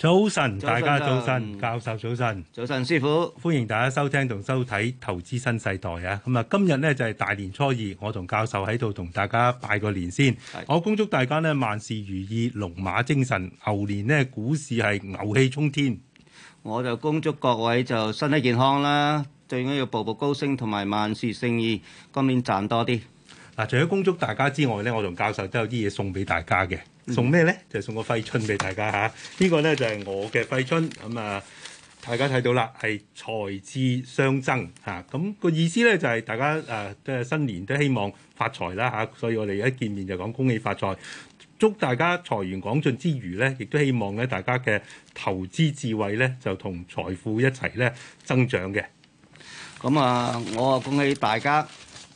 早晨，早晨大家早晨，早晨教授早晨，早晨，師傅，歡迎大家收聽同收睇《投資新世代》啊！咁啊，今日咧就係大年初二，我同教授喺度同大家拜個年先。是我恭祝大家咧萬事如意，龍馬精神。牛年咧股市係牛氣沖天，我就恭祝各位就身體健康啦，最緊要步步高升，同埋萬事勝意，今年賺多啲。嗱，除咗恭祝大家之外咧，我同教授都有啲嘢送俾大家嘅，送咩咧？就送個揮春俾大家嚇。呢個咧就係我嘅揮春，咁啊，大家睇到啦，係財智雙增嚇。咁個意思咧就係大家誒嘅新年都希望發財啦嚇，所以我哋一見面就講恭喜發財，祝大家財源廣進之餘咧，亦都希望咧大家嘅投資智慧咧就同財富一齊咧增長嘅。咁啊，我啊恭喜大家。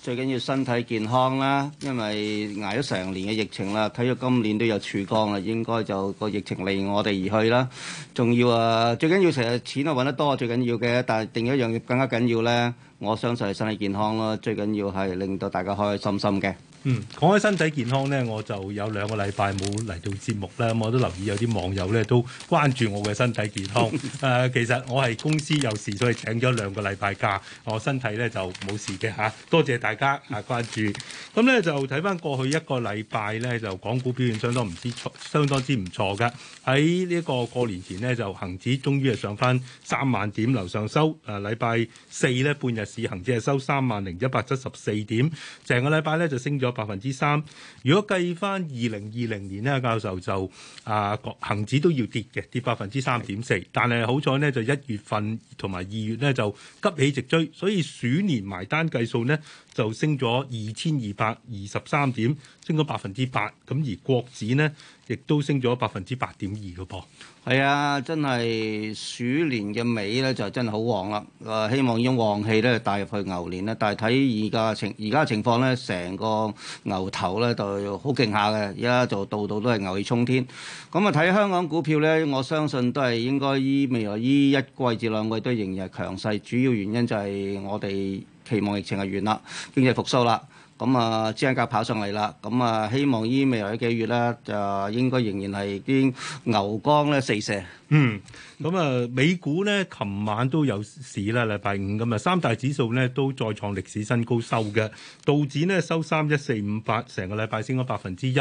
最緊要身體健康啦，因為挨咗成年嘅疫情啦，睇到今年都有曙光啦，應該就個疫情離我哋而去啦。仲要啊，最緊要成日錢啊揾得多，最緊要嘅，但係另一樣更加緊要咧，我相信係身體健康咯。最緊要係令到大家開開心心嘅。嗯，講起身體健康呢，我就有兩個禮拜冇嚟到節目啦。我都留意有啲網友呢都關注我嘅身體健康。誒、呃，其實我係公司有事，所以請咗兩個禮拜假。我身體呢就冇事嘅嚇、啊，多謝大家啊關注。咁、嗯、呢就睇翻過去一個禮拜呢，就港股表現相當唔知，相當之唔錯嘅。喺呢個過年前呢，就恒指終於係上翻三萬點，樓上收。誒、呃，禮拜四呢半日市恒指係收三萬零一百七十四點，成個禮拜呢就升咗百分之三，如果計翻二零二零年咧，教授就啊，恆指都要跌嘅，跌百分之三點四。但係好彩呢，就一月份同埋二月呢，就急起直追，所以鼠年埋單計數呢，就升咗二千二百二十三點。升咗百分之八，咁而國指咧亦都升咗百分之八點二嘅噃。係啊，真係鼠年嘅尾咧就真係好旺啦！誒，希望已經旺氣咧帶入去牛年啦。但係睇而家情而家情況咧，成個牛頭咧就好勁下嘅，而家就度度都係牛氣沖天。咁、嗯、啊，睇香港股票咧，我相信都係應該依未來依一季至兩季都仍然係強勢。主要原因就係我哋期望疫情係完啦，經濟復甦啦。咁啊，資產價跑上嚟啦，咁啊，希望依未來幾月咧，就應該仍然係啲牛光咧四射。嗯，咁啊，美股咧，琴晚都有市啦，禮拜五，咁啊，三大指數咧都再創歷史新高收嘅，道指呢，收三一四五八，成個禮拜升咗百分之一。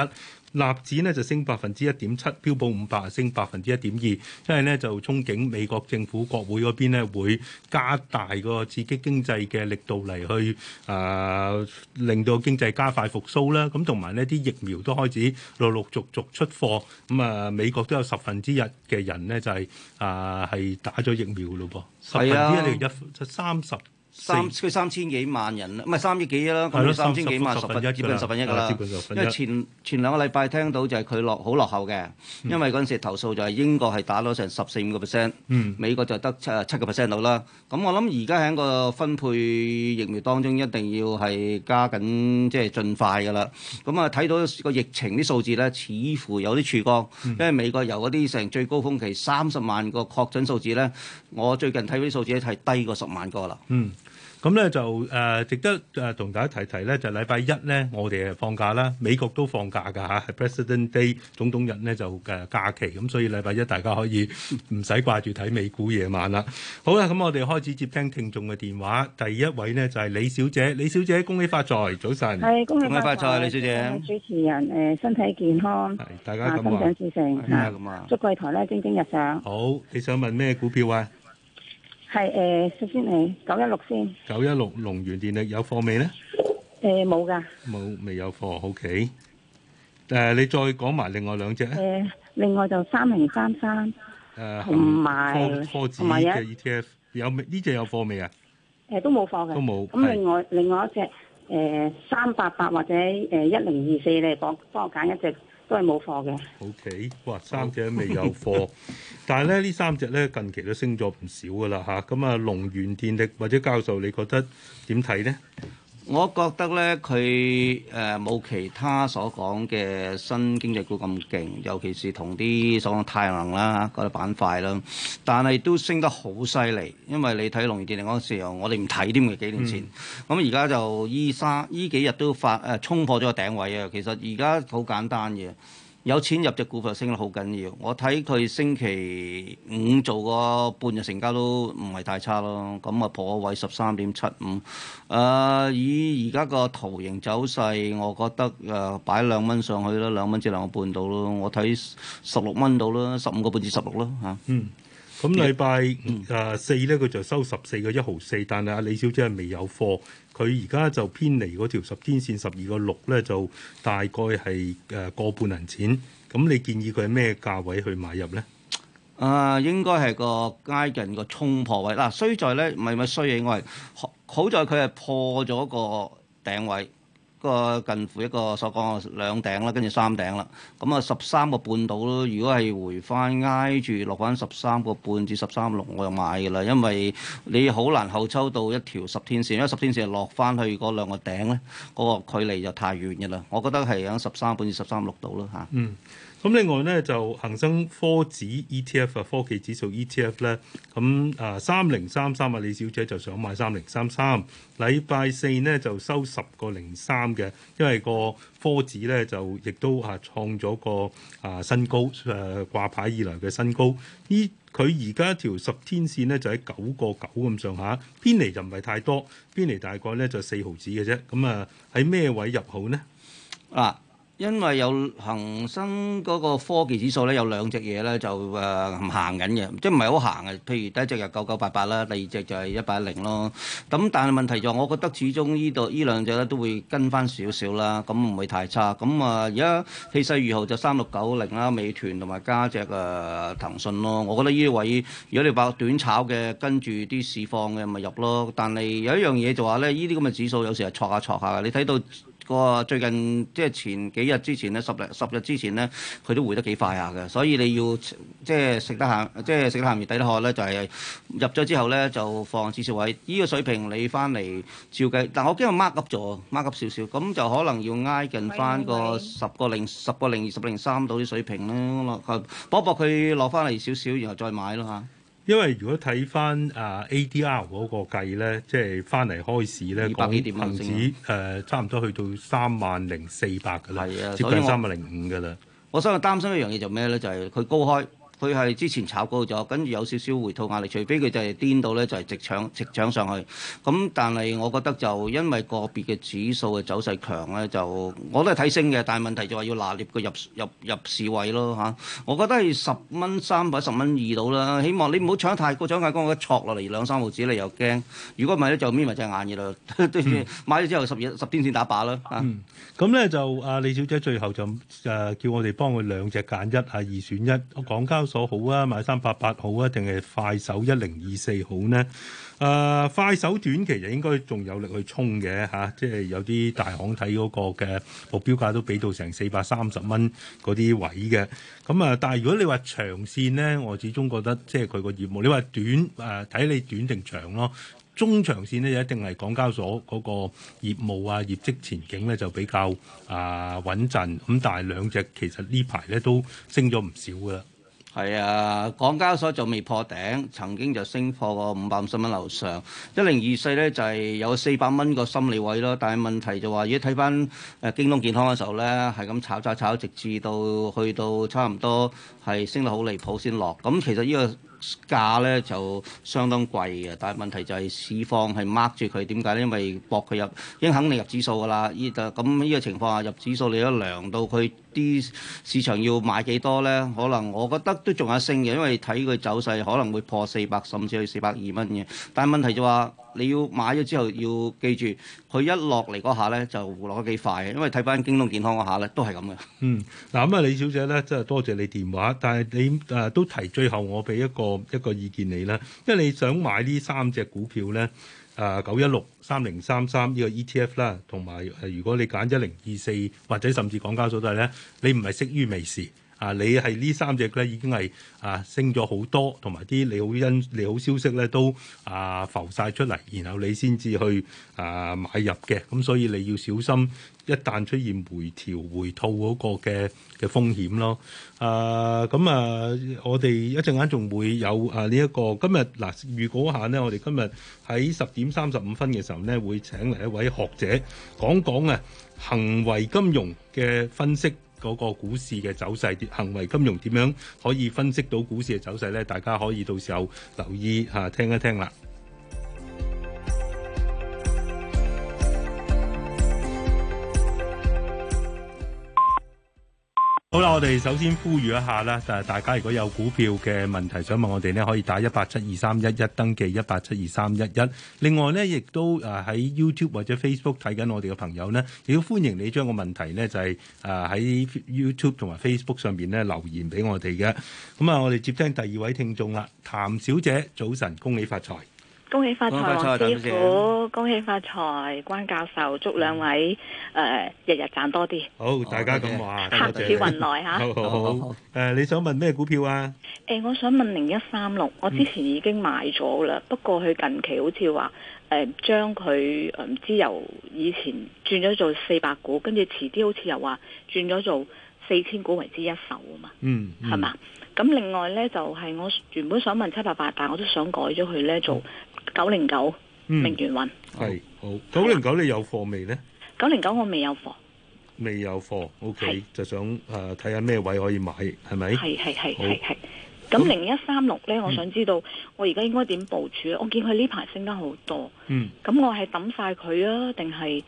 納指呢就升百分之一點七，標普五百升百分之一點二，因為呢就憧憬美國政府國會嗰邊呢會加大個刺激經濟嘅力度嚟去誒、呃，令到經濟加快復甦啦。咁同埋呢啲疫苗都開始陸陸續續出貨，咁、嗯、啊美國都有十分之一嘅人呢就係、是、啊係打咗疫苗咯噃，十分之一定一三十？三佢三千幾萬人，唔係三億幾啦，咁三千幾萬十分接近十分一噶啦。因為前前兩個禮拜聽到就係佢落好落後嘅，因為嗰陣時投訴就係英國係打咗成十四五個 percent，美國就得七七個 percent 到啦。咁我諗而家喺個分配疫苗當中一定要係加緊即係盡快噶啦。咁啊睇到個疫情啲數字咧，似乎有啲曙光，因為美國由嗰啲成最高峰期三十萬個確診數字咧，我最近睇到啲數字咧係低過十萬個啦。咁咧就誒值得誒同大家提提咧，就禮拜一咧我哋係放假啦，美國都放假噶嚇，係 President Day 總統日咧就誒假期，咁所以禮拜一大家可以唔使掛住睇美股夜晚啦。好啦，咁我哋開始接聽聽眾嘅電話。第一位咧就係李小姐，李小姐恭喜發財，早晨。係，恭喜發財，李小姐。主持人誒身體健康。係，大家咁話。心想事成。係啊，咁啊。祝貴台咧蒸蒸日上。好，你想問咩股票啊？係誒，首先你九一六先，九一六龍源電力有貨未咧？誒，冇噶。冇未有貨？O K。誒，你再講埋另外兩隻咧？另外就三零三三。誒，同埋科技嘅！E T F 有未？呢隻有貨未啊？誒，都冇貨嘅。都冇。咁另外另外一隻誒三八八或者誒一零二四，你講幫我揀一隻。都係冇貨嘅。Okay，哇，三隻未有貨， 但係咧，呢三隻咧，近期都升咗唔少㗎啦嚇。咁啊，龍源電力或者教授，你覺得點睇咧？我覺得咧，佢誒冇其他所講嘅新經濟股咁勁，尤其是同啲所講太陽能啦嗰啲、啊、板塊啦，但係都升得好犀利。因為你睇龍源電力嗰陣時候，我哋唔睇啲咁嘅幾年前，咁而家就依三依幾日都發誒衝、啊、破咗個頂位啊！其實而家好簡單嘅。有錢入，隻股份升得好緊要，我睇佢星期五做個半日成交都唔係太差咯，咁啊破位十三點七五，啊、呃、以而家個圖形走勢，我覺得啊擺兩蚊上去啦，兩蚊至兩個半到咯，我睇十六蚊到啦，十五個半至十六啦嚇。嗯，咁禮拜啊四咧，佢就收十四個一毫四，但係阿李小姐係未有貨。佢而家就偏離嗰條十天線十二個六咧，就大概係誒個半銀錢。咁你建議佢係咩價位去買入咧、呃？啊，應該係個挨近個衝破位嗱，衰在咧唔係咪衰嘢？我係好在佢係破咗個頂位。個近乎一個所講嘅兩頂啦，跟住三頂啦，咁啊十三個半到咯。如果係回翻挨住落翻十三個半至十三六，我就買噶啦。因為你好難後抽到一條十天線，因為十天線落翻去嗰兩個頂咧，嗰、嗰個距離就太遠嘅啦。我覺得係喺十三半至十三六度啦嚇。啊、嗯。咁另外咧就恒生科指 ETF 啊，科技指數 ETF 咧，咁啊三零三三啊，李小姐就想買三零三三，禮拜四咧就收十個零三嘅，因為科指個科指咧就亦都啊創咗個啊新高，誒掛牌以來嘅新高。依佢而家條十天線咧就喺九個九咁上下，偏離就唔係太多，偏離大概咧就四毫子嘅啫。咁啊喺咩位入好咧？啊！因為有恒生嗰個科技指數咧，有兩隻嘢咧就誒行緊嘅，即係唔係好行嘅。譬如第一隻就九九八八啦，第二隻就係一八一零咯。咁但係問題就，我覺得始終呢度呢兩隻咧都會跟翻少少啦，咁唔會太差。咁啊，而家氣勢如虹就三六九零啦，美團同埋加隻誒騰訊咯。我覺得呢啲位如果你把短炒嘅跟住啲市況嘅咪入咯。但係有一樣嘢就話咧，呢啲咁嘅指數有時係挫下挫下嘅。你睇到。個最近即係前幾日之前咧，十日十日之前咧，佢都回得幾快下嘅，所以你要即係食得鹹，即係食得鹹魚抵得渴咧，就係、是、入咗之後咧就放至少位。依、這個水平，你翻嚟照計。但我驚 mark up 咗，mark up 少少，咁就可能要挨近翻個十個零、十個零、二十，個零,十個零三到啲水平咧。我搏搏佢落翻嚟少少，然後再買咯嚇。因為如果睇翻啊 ADR 嗰個計咧，即係翻嚟開市咧，港恆指誒、 呃、差唔多去到三萬零四百嘅啦，的接近三萬零五嘅啦。我所以擔心一樣嘢就咩咧？就係、是、佢高開。佢係之前炒高咗，跟住有少少回吐壓力，除非佢就係顛到咧，就係直搶直搶上去。咁但係我覺得就因為個別嘅指數嘅走勢強咧，就我都係睇升嘅。但係問題就話要拿捏個入入入市位咯嚇。我覺得係十蚊三或十蚊二到啦。希望你唔好搶得太過搶眼，講我一戳落嚟二兩三毫紙你又驚。如果唔係咧就瞇埋隻眼嘢 咯。對買咗之後十日十天先打靶啦。嗯。咁咧就阿李小姐最後就誒、啊、叫我哋幫佢兩隻揀一啊，二選一。我講交。都好啊，買三八八好啊，定係快手一零二四好呢？誒、啊，快手短期就應該仲有力去衝嘅吓、啊，即係有啲大行睇嗰個嘅目標價都俾到成四百三十蚊嗰啲位嘅。咁啊，但係如果你話長線呢，我始終覺得即係佢個業務。你話短誒，睇、啊、你短定長咯。中長線呢，就一定係港交所嗰個業務啊業績前景咧就比較啊穩陣咁、啊，但係兩隻其實呢排咧都升咗唔少噶。係啊，港交所仲未破頂，曾經就升破過五百五十蚊樓上，一零二四咧就係有四百蚊個心理位咯。但係問題就話、是，如果睇翻誒京東健康嘅時候咧，係咁炒炒炒，直至到去到差唔多係升得好離譜先落。咁其實要、這個價咧就相當貴嘅，但係問題就係市況係 mark 住佢，點解咧？因為博佢入已經肯定入指數噶啦，呢度咁呢個情況下入指數，你都量到佢啲市場要買幾多咧？可能我覺得都仲有升嘅，因為睇佢走勢可能會破四百，甚至去四百二蚊嘅。但係問題就話、是。你要買咗之後要記住，佢一落嚟嗰下咧就回落得幾快嘅，因為睇返京東健康嗰下咧都係咁嘅。嗯，嗱咁啊，李小姐咧真係多謝你電話，但係你誒、呃、都提最後我俾一個一個意見你啦，因為你想買呢三隻股票咧，誒九一六、三零三三呢個 ETF 啦，同埋誒如果你揀一零二四或者甚至港交所都係咧，你唔係識於微時。啊！你係呢三隻咧，已經係啊升咗好多，同埋啲利好因利好消息咧都啊浮晒出嚟，然後你先至去啊買入嘅。咁、啊、所以你要小心，一旦出現回調回吐嗰個嘅嘅風險咯。啊，咁啊，我哋一陣間仲會有啊呢、這個啊、一個今日嗱預告下呢，我哋今日喺十點三十五分嘅時候呢，會請嚟一位學者講講啊行為金融嘅分析。嗰個股市嘅走勢，行為金融點樣可以分析到股市嘅走勢咧？大家可以到時候留意嚇、啊，聽一聽啦。好啦，我哋首先呼籲一下啦，誒，大家如果有股票嘅問題想問我哋呢，可以打一八七二三一一，登記一八七二三一一。另外呢，亦都誒喺 YouTube 或者 Facebook 睇緊我哋嘅朋友呢，亦都歡迎你將個問題呢就係誒喺 YouTube 同埋 Facebook 上面呢留言俾我哋嘅。咁、嗯、啊，我哋接聽第二位聽眾啦，譚小姐，早晨，恭喜發財。恭喜發財，王師傅！恭喜發財，關教授！祝兩位誒日日賺多啲。好，大家咁話，客似雲來吓，好好好。誒，你想問咩股票啊？誒，我想問零一三六，我之前已經買咗啦，不過佢近期好似話誒，將佢誒唔知由以前轉咗做四百股，跟住遲啲好似又話轉咗做四千股為之一手啊嘛。嗯，係嘛？咁另外咧就係我原本想問七百八，但我都想改咗佢咧做。九零九，9，嗯、明元運，係好九零九，你有貨未呢？九零九我未有貨，未有貨，OK，就想誒睇下咩位可以買，係咪？係係係係係。咁零一三六咧，我想知道我而家應該點部署？嗯、我見佢呢排升得好多，嗯、咁、嗯、我係抌晒佢啊，定係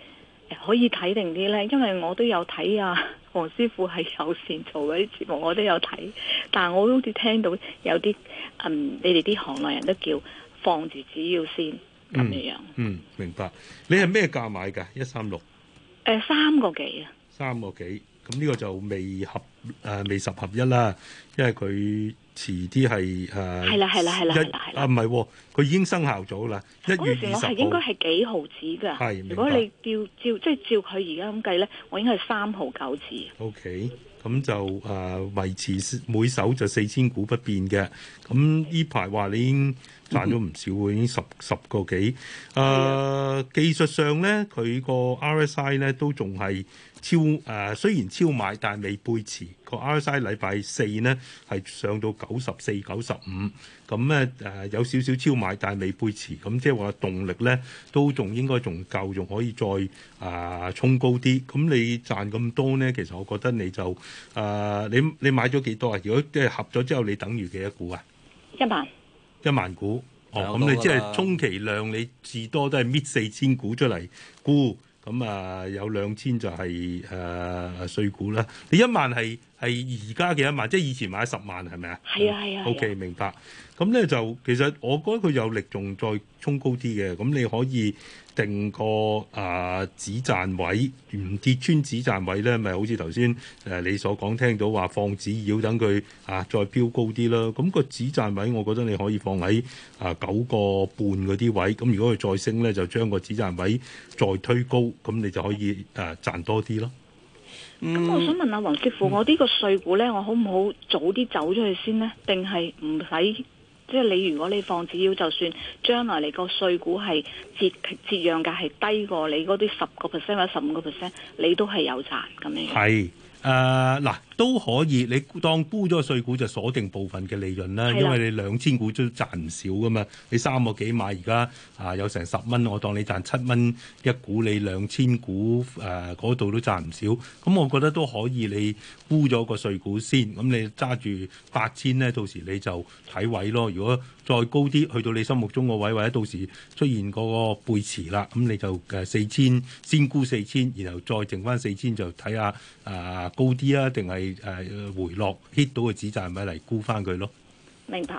可以睇定啲咧？因為我都有睇啊，黃師傅係有線做嗰啲節目，我都有睇，但係我好似聽到有啲嗯，嗯，嗯，嗯，你哋啲行內人都叫放住只要先咁嘅，嗯、樣。嗯，明白。你係咩價買噶？一三六。誒，三個幾啊？三個幾？咁呢個就未合誒、呃，未十合一啦。因為佢遲啲係誒，係啦係啦係啦，啦啦啦啦啊唔係，佢、哦、已經生效咗啦。一月二十號。我係應該係幾毫子噶？係。如果你照照即係照佢而家咁計咧，我應該係三毫九子。O K。咁就誒、呃、維持每手就四千股不變嘅，咁呢排話你已經賺咗唔少 已經十十個幾誒、呃、技術上咧，佢個 RSI 咧都仲係。超誒、呃、雖然超買，但係未背馳個 RSI 禮拜四咧係上到九十四、九十五，咁咧誒有少少超買，但係未背馳，咁、嗯、即係話動力咧都仲應該仲夠，仲可以再誒衝、呃、高啲。咁、嗯、你賺咁多咧，其實我覺得你就誒、呃、你你買咗幾多啊？如果即係合咗之後，你等於幾多股啊？一萬一百？一萬股哦，咁你即係充其量你至多都係搣四千股出嚟沽。咁啊、嗯，有兩千就係誒稅股啦，你一萬係。係而家幾多萬？即係以前買十萬係咪啊？係啊係啊。OK，的明白。咁咧就其實我覺得佢有力仲再衝高啲嘅。咁你可以定個啊止賺位，唔跌穿止賺位咧，咪好似頭先誒你所講聽到話放紙鷂等佢啊再飆高啲啦。咁、個止賺位我覺得你可以放喺啊九個半嗰啲位。咁如果佢再升咧，就將個止賺位再推高，咁你就可以誒、呃、賺多啲咯。咁、嗯、我想問阿、啊、黃師傅，嗯、我呢個稅股呢，我好唔好早啲走出去先呢？定係唔使？即係你如果你放紙腰，只要就算將來你個稅股係折折讓價係低過你嗰啲十個 percent 或者十五個 percent，你都係有賺咁樣。係誒嗱。呃都可以，你當沽咗個碎股就鎖定部分嘅利潤啦，的因為你兩千股都賺唔少噶嘛。你三個幾買而家啊有成十蚊，我當你賺七蚊一股，你兩千股誒嗰度都賺唔少。咁我覺得都可以，你沽咗個碎股先，咁你揸住八千咧，到時你就睇位咯。如果再高啲，去到你心目中個位，或者到時出現個背馳啦，咁你就誒四千先沽四千，然後再剩翻四千就睇下誒高啲啊，定係。誒，回落 hit 到個止賺咪嚟沽翻佢咯？明白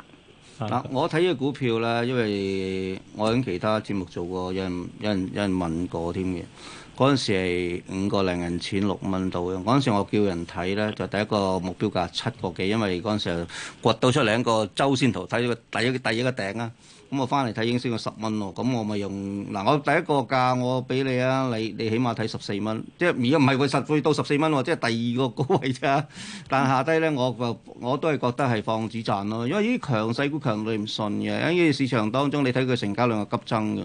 嗱，我睇嘅股票咧，因為我喺其他節目做過，有人有人有人問過添嘅。嗰陣時係五個零銀錢六蚊度，嗰陣時我叫人睇咧，就第一個目標價七個幾，因為嗰陣時掘到出兩個周線圖，睇咗個第一第一個頂啊。咁我翻嚟睇已經升咗十蚊咯。咁我咪用嗱，我第一個價我俾你啊，你你起碼睇十四蚊，即係如果唔係佢實會到十四蚊喎，即係第二個高位啫。但下低咧，我個我都係覺得係放止賺咯，因為依啲強勢股強你唔信嘅，喺依個市場當中你睇佢成交量係急增嘅。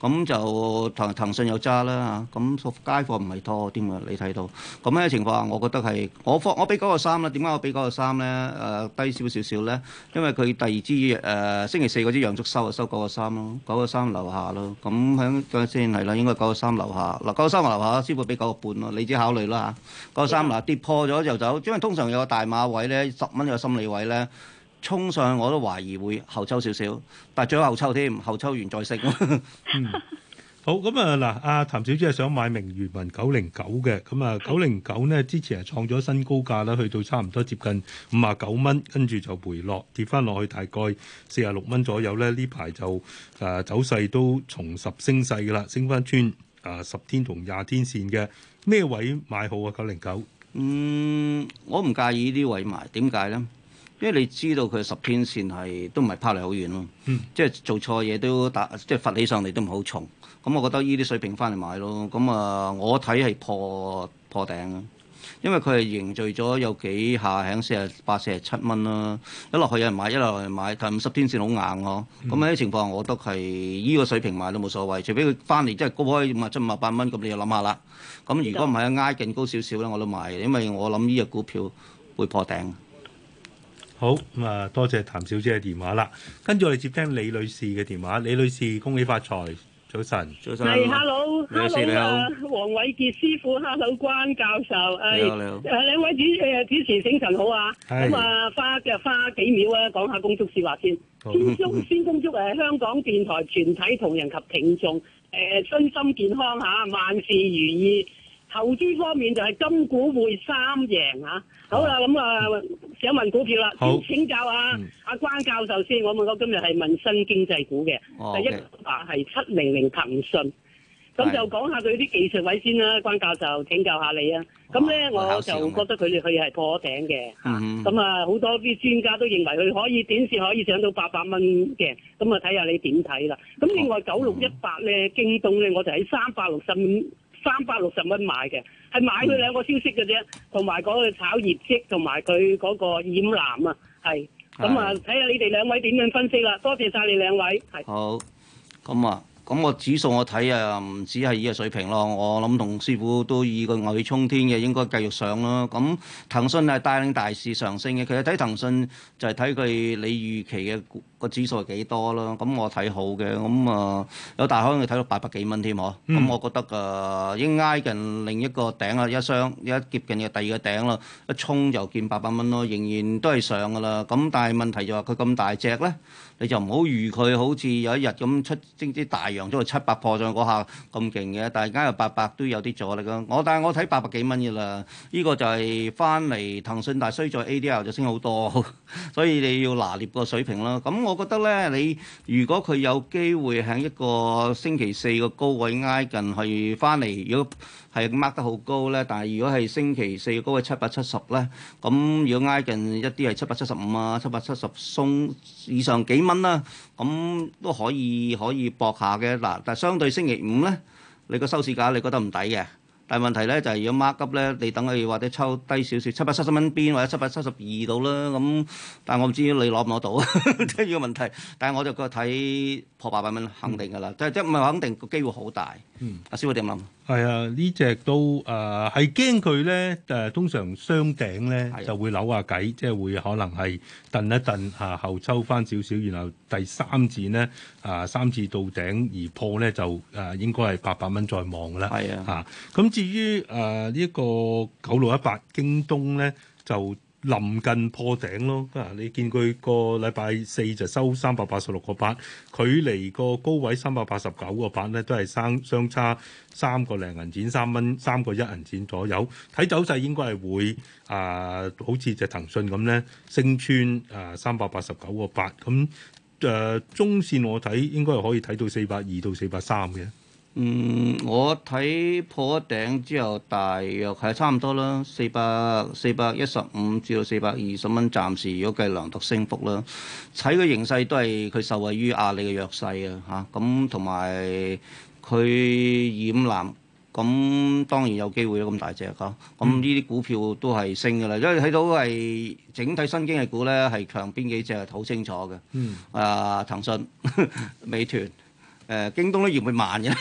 咁就騰騰訊又揸啦嚇，咁街貨唔係多添啊？你睇到咁嘅情況，我覺得係我放我俾嗰個三啦。點解我俾嗰個三咧？誒低少少少咧，因為佢第二支誒星期四嗰支陽燭收。收九個三咯，九個三樓下咯，咁響講先係啦，應該九個三樓下，嗱九個三樓下，先會俾九個半咯，你自己考慮啦嚇。九個三嗱跌破咗就走，因為通常有個大馬位咧，十蚊有心理位咧，衝上去我都懷疑會後抽少少，但係最好後抽添，後抽完再食。 好咁啊！嗱，阿譚小姐係想買明源雲九零九嘅咁啊。九零九咧，之前係創咗新高價啦，去到差唔多接近五啊九蚊，跟住就回落跌翻落去，大概四啊六蚊左右咧。呢排就誒、啊、走勢都重拾升勢噶啦，升翻穿誒十天同廿天線嘅，咩位買好啊？九零九，嗯，我唔介意位呢位買，點解咧？因為你知道佢十天線係都唔係拋離好遠咯、嗯，即係做錯嘢都打即係罰起上嚟都唔好重。咁、嗯、我覺得依啲水平翻嚟買咯。咁、嗯、啊，我睇係破破頂，因為佢係凝聚咗有幾下喺四啊八、四啊七蚊啦。一落去有人買，一落去有人買，但五十天線好硬喎、啊。咁、嗯、啲、嗯嗯、情況，我覺得係依個水平買都冇所謂，除非佢翻嚟即係高開五啊七、五啊八蚊，咁你就諗下啦。咁、嗯、如果唔係，挨近高少少咧，我都買，因為我諗呢隻股票會破頂。好咁啊，多謝譚小姐嘅電話啦。跟住我哋接聽李女士嘅電話。李女士，恭喜發財！早晨，早晨，係，Hello，Hello 啊，hello, 黃偉傑師傅，Hello 關教授，你好，你好，誒兩、哎、位主誒主持，醒神好啊，咁、哎、啊花，只花幾秒啊，講下恭祝說話先， 先祝先恭祝誒，香港電台全體同仁及聽眾誒身心健康吓、啊，萬事如意。投資方面就係金股匯三贏吓，好啦，咁啊想問股票啦，先請教下阿關教授先。我咪我今日係問新經濟股嘅，第一把係七零零騰訊，咁就講下佢啲技術位先啦，關教授請教下你啊。咁咧我就覺得佢哋佢係破咗頂嘅，咁啊好多啲專家都認為佢可以短線可以上到八百蚊嘅，咁啊睇下你點睇啦。咁另外九六一八咧，京東咧，我就喺三百六十五。三百六十蚊買嘅，係買佢兩個消息嘅啫，同埋嗰個炒業績，同埋佢嗰個染藍啊，係咁啊，睇下你哋兩位點樣分析啦，多謝晒你兩位，係好，咁啊。咁個指數我睇啊，唔止係依個水平咯。我諗同師傅都以個牛氣沖天嘅，應該繼續上咯。咁騰訊係帶領大市上升嘅。其實睇騰訊就係睇佢你預期嘅個指數係幾多，啦、呃、多咯。咁我睇好嘅。咁啊有大可能睇到八百幾蚊添嗬。咁我覺得啊，應挨近另一個頂啦，一箱，一接近嘅第二個頂咯，一衝就見八百蚊咯。仍然都係上噶啦。咁但係問題就話佢咁大隻咧。你就唔好預佢好似有一日咁出升啲大洋，出去七百破咗嗰下咁勁嘅，但係而家有八百都有啲阻力咯。我但係我睇八百幾蚊嘅啦，呢、呢個就係翻嚟騰訊大衰咗 ADR 就升好多， 所以你要拿捏個水平咯。咁我覺得咧，你如果佢有機會喺一個星期四個高位挨近去翻嚟，如果係 mark 得好高咧，但係如果係星期四高係七百七十咧，咁如果挨近一啲係七百七十五啊、七百七十鬆以上幾蚊啦，咁都可以可以搏下嘅嗱。但係相對星期五咧，你個收市價你覺得唔抵嘅。但係問題咧就係如果 mark 急咧，你等佢或者抽低少少，七百七十蚊邊或者七百七十二度啦。咁但係我唔知你攞唔攞到，即係呢個問題。但係我就個睇。破八百蚊肯定噶啦，嗯、即即唔係肯定個機會好大。阿師傅點諗？係啊，隻呃、呢隻都誒係驚佢咧誒，通常雙頂咧就會扭下偈，即係會可能係燉、啊、一燉嚇後抽翻少少，然後第三次咧啊三次到頂而破咧就誒、啊、應該係八百蚊再望噶啦。係啊嚇咁、啊、至於誒呢、啊呢個九六一八京東咧就。臨近破頂咯，你見佢個禮拜四就收三百八十六個八，距離個高位三百八十九個八咧，都係生相差三個零銀錢，三蚊三個一銀錢左右。睇走勢應該係會啊、呃，好似隻騰訊咁咧，升穿啊三百八十九個八，咁、呃、誒中線我睇應該係可以睇到四百二到四百三嘅。嗯，我睇破咗頂之後，大約係差唔多啦，四百四百一十五至到四百二十蚊，暫時如果計量度升幅啦。睇個形勢都係佢受惠於阿里嘅弱勢啊，嚇咁同埋佢染藍，咁當然有機會咁大隻嚇。咁呢啲股票都係升㗎啦，嗯、因為睇到係整體新經濟股咧係強邊幾隻係好清楚嘅。嗯，啊騰訊、 美團。誒、呃，京東都嫌佢慢嘅，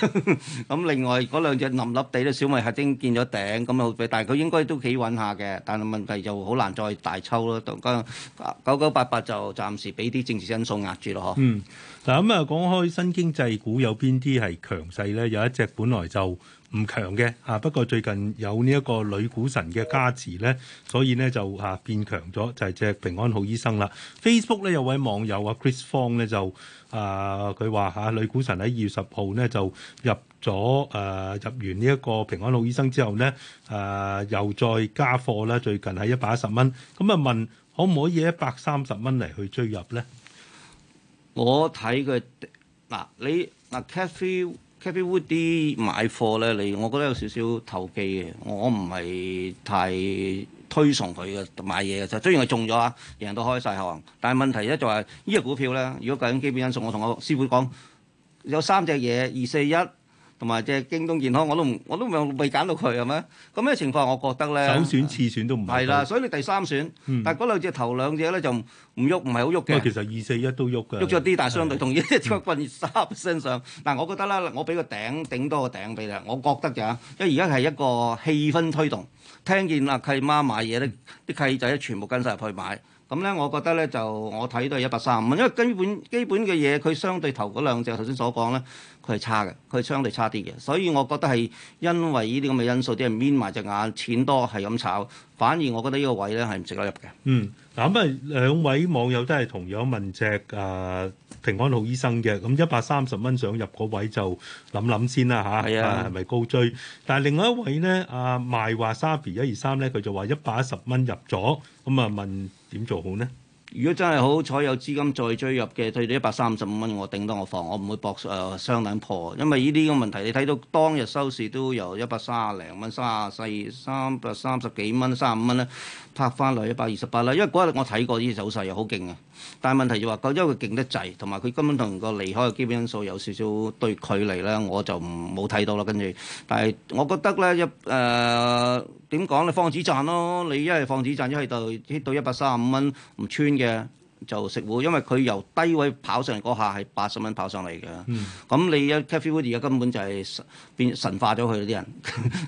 咁另外嗰兩隻冧冧地咧，小米核精見咗頂，咁啊，但係佢應該都幾穩下嘅，但係問題就好難再大抽咯。九九八八就暫時俾啲政治因素壓住咯，嗬。嗯，嗱咁啊，講開新經濟股有邊啲係強勢咧？有一隻本來就。唔強嘅嚇，不過最近有呢一個女股神嘅加持咧，所以咧就嚇變強咗，就係、是、隻平安好醫生啦。Facebook 咧有位網友啊 Chris Fong 咧，就啊佢話嚇女股神喺二月十號咧就入咗誒、呃、入完呢一個平安好醫生之後咧誒、呃、又再加貨啦，最近係一百一十蚊，咁啊問可唔可以一百三十蚊嚟去追入咧？我睇佢，嗱、啊、你嗱 Cathy Capitol 啲買貨咧，你我覺得有少少投機嘅，我唔係太推崇佢嘅買嘢嘅啫。雖然佢中咗啊，贏到開晒行，但係問題咧就係呢隻股票咧，如果講基本因素，我同我師傅講有三隻嘢二四一。同埋即係京東健康，我都唔我都未未揀到佢係咪？咁咩情況？我覺得咧，首選、次選都唔係。係啦，所以你第三選，嗯、但係嗰兩隻頭兩隻咧就唔喐，唔係好喐嘅。其實二四一都喐㗎，喐咗啲，但係相對同意。二一七分三身上。嗱，我覺得啦，我俾個頂頂多個頂俾你，我覺得嘅，因為而家係一個氣氛推動，聽見阿契媽買嘢咧，啲契仔全部跟晒入去買。咁咧，我覺得咧就我睇都係一百三五，因為基本基本嘅嘢，佢相對頭嗰兩隻頭先所講咧。佢係差嘅，佢係相對差啲嘅，所以我覺得係因為呢啲咁嘅因素，啲人搣埋隻眼，錢多係咁炒，反而我覺得呢個位咧係唔值得入嘅。嗯，嗱咁啊，兩位網友都係同樣問隻誒平安好醫生嘅，咁一百三十蚊想入嗰位就諗諗先啦嚇，係啊，係咪高追？但係另外一位咧，阿賣話沙 B 一二三咧，佢就話一百一十蚊入咗，咁啊問點做好呢？如果真係好彩有資金再追入嘅，退到一百三十五蚊，我頂多我放，我唔會搏誒雙單破，因為呢啲咁嘅問題，你睇到當日收市都由一百三啊零蚊、三啊四、三百三十幾蚊、三啊五蚊咧，拍翻落一百二十八啦。因為嗰日我睇過呢隻手勢又好勁啊。但係問題就話，因為佢勁得滯，同埋佢根本同個離開嘅基本因素有少少對距離咧，我就冇睇到啦。跟住，但係我覺得咧一誒點講咧放子賺咯，你一係放子賺，一係就到一百三十五蚊唔穿嘅就食糊，因為佢由低位跑上嚟嗰下係八十蚊跑上嚟嘅。咁、嗯、你有 Cathy Wood 啊，根本就係變神化咗佢啲人，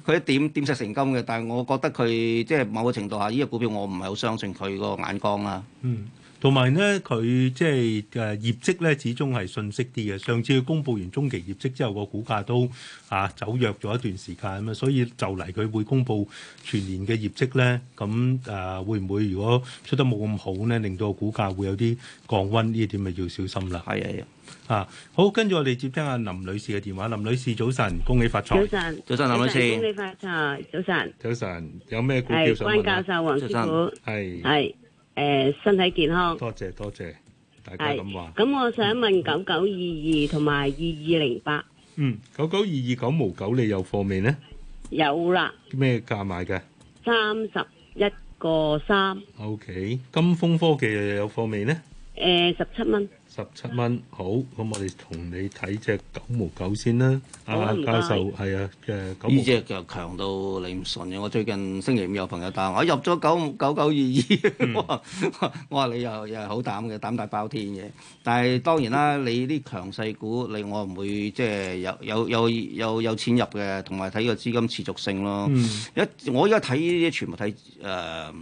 佢一 點點石成金嘅。但係我覺得佢即係某個程度下，依、呢個股票我唔係好相信佢個眼光啦、啊。嗯。同埋咧，佢即係誒業績咧，始終係遜色啲嘅。上次佢公布完中期業績之後，個股價都啊走弱咗一段時間啊嘛，所以就嚟佢會公布全年嘅業績咧，咁誒會唔會如果出得冇咁好咧，令到股價會有啲降溫呢，一點咪要小心啦。係啊，啊好，跟住我哋接聽阿林女士嘅電話。林女士早晨，恭喜發財。早晨，早晨，林女士，恭喜發財。早晨，早晨，有咩股票想問啊？係關教授，黃師傅。係。誒，身體健康。多謝多謝，大家咁話。咁我想問九九二二同埋二二零八。嗯，九九二二九毛九，你有貨未呢？有啦。咩價買㗎？三十一個三。O K，金風科技又有貨未呢？誒，十七蚊。十七蚊，好咁我哋同你睇隻九毛九先啦，阿晏、嗯啊、教授係啊，誒，呢隻就強到你唔信嘅。我最近星期五有朋友打我入，入咗九九九二二，我 話、嗯、你又又係好膽嘅，膽大包天嘅。但係當然啦，你啲強勢股，你我唔會即係有有有有有錢入嘅，同埋睇個資金持續性咯。一、嗯、我而家睇呢啲全部睇誒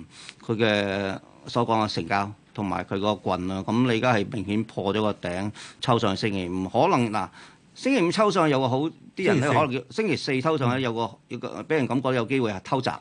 佢嘅所講嘅成交。同埋佢個棍啊，咁你而家係明顯破咗個頂，抽上星期五可能嗱，星期五抽上有個好啲人咧，可能星期，星期四抽上咧有個，俾人感覺有機會係偷襲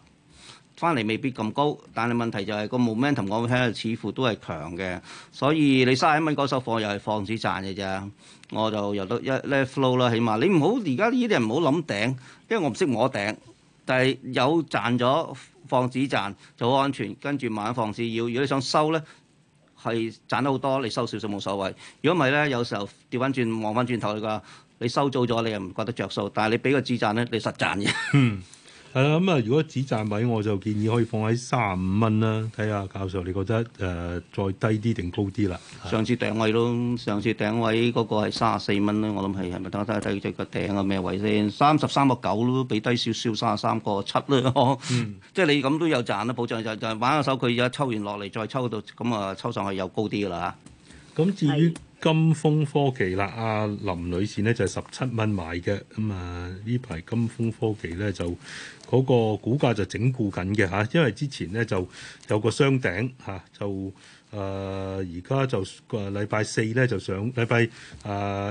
返嚟，未必咁高。但係問題就係、是、個 momentum 我會睇下，似乎都係強嘅，所以你卅一蚊嗰手貨又係放止賺嘅啫。我就又得一咧 flow 啦，起碼你唔好而家呢啲人唔好諗頂，因為我唔識摸頂，但係有賺咗放止賺就好安全，跟住慢慢放子要。如果你想收咧。呢係賺得好多，你收少少冇所謂。如果唔係咧，有時候調翻轉望翻轉頭嚟㗎，你收早咗你又唔覺得着數。但係你俾個資賺咧，你實賺嘅。嗯係啦，咁啊、嗯，如果止賺位，我就建議可以放喺三十五蚊啦。睇下教授你覺得誒、呃、再低啲定高啲啦。上次頂位咯，上次頂位嗰個係三十四蚊啦。我諗係係咪等我睇下睇佢個頂啊咩位先？三十三個九咯，比低少少，三十三個七咯。呵呵嗯、即係你咁都有賺啦，保障就就玩下手佢而家抽完落嚟再抽到，咁啊抽上去又高啲啦嚇。咁至於。金峰科技啦，阿、啊、林女士呢就係十七蚊買嘅，咁、嗯、啊呢排金峰科技呢就嗰、那個股價就整固緊嘅吓，因為之前呢就有個雙頂吓，就。誒而家就誒禮拜四咧，就上禮拜誒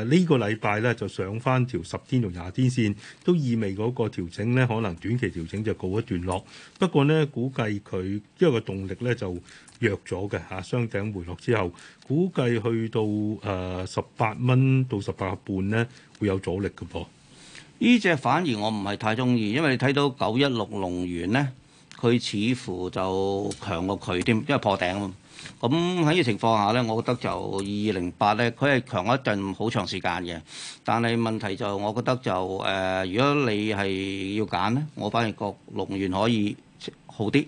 呢個禮拜咧，就上翻條十天同廿天線，都意味嗰個調整咧，可能短期調整就告一段落。不過咧，估計佢因為個動力咧就弱咗嘅嚇，雙頂回落之後，估計去到誒十八蚊到十八半咧會有阻力㗎噃。呢隻反而我唔係太中意，因為你睇到九一六龍源咧，佢似乎就強過佢添，因為破頂啊。咁喺呢個情況下咧，我覺得就二二零八咧，佢係強一陣好長時間嘅，但係問題就是，我覺得就誒、呃，如果你係要揀咧，我反而覺龍源可以好啲。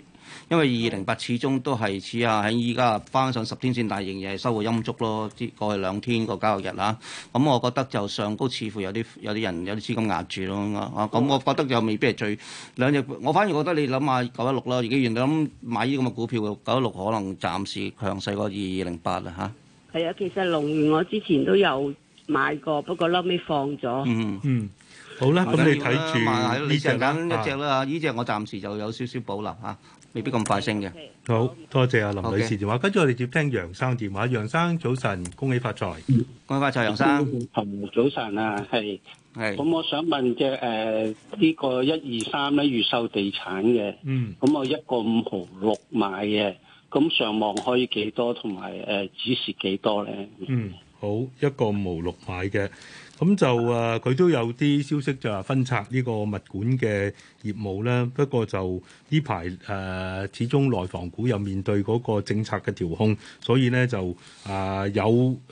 因為二二零八始終都係似啊喺依家翻上十天線，大係仍收個陰燭咯。啲過去兩天個交易日啊，咁我覺得就上高似乎有啲有啲人有啲資金壓住咯。啊，咁我覺得就未必係最兩隻。我反而覺得你諗下九一六啦，已經原來諗買呢啲咁嘅股票，九一六可能暫時強勢過二二零八啦嚇。係啊，其實龍源我之前都有買過，不過撈尾，尾放咗。嗯嗯，好啦，咁、嗯、那你睇住，依隻緊一隻啦嚇。依隻我暫時就有少少保留嚇。未必咁快升嘅。好多謝阿林女士電話，跟住 Okay. 我哋接聽楊生電話。楊生早晨，恭喜發財！恭喜發財，楊生。早晨啊，係係。咁是我想問嘅，誒、呃、呢、這個一二三咧，越秀地產嘅。嗯。咁我一個五毫六買嘅，咁上望可以幾多？同埋誒，指示幾多咧？嗯，好，一個五毫六買嘅。咁就誒、啊，佢都有啲消息就話分拆呢個物管嘅業務啦。不過就呢排誒，始終內房股又面對嗰個政策嘅調控，所以咧就啊、呃、有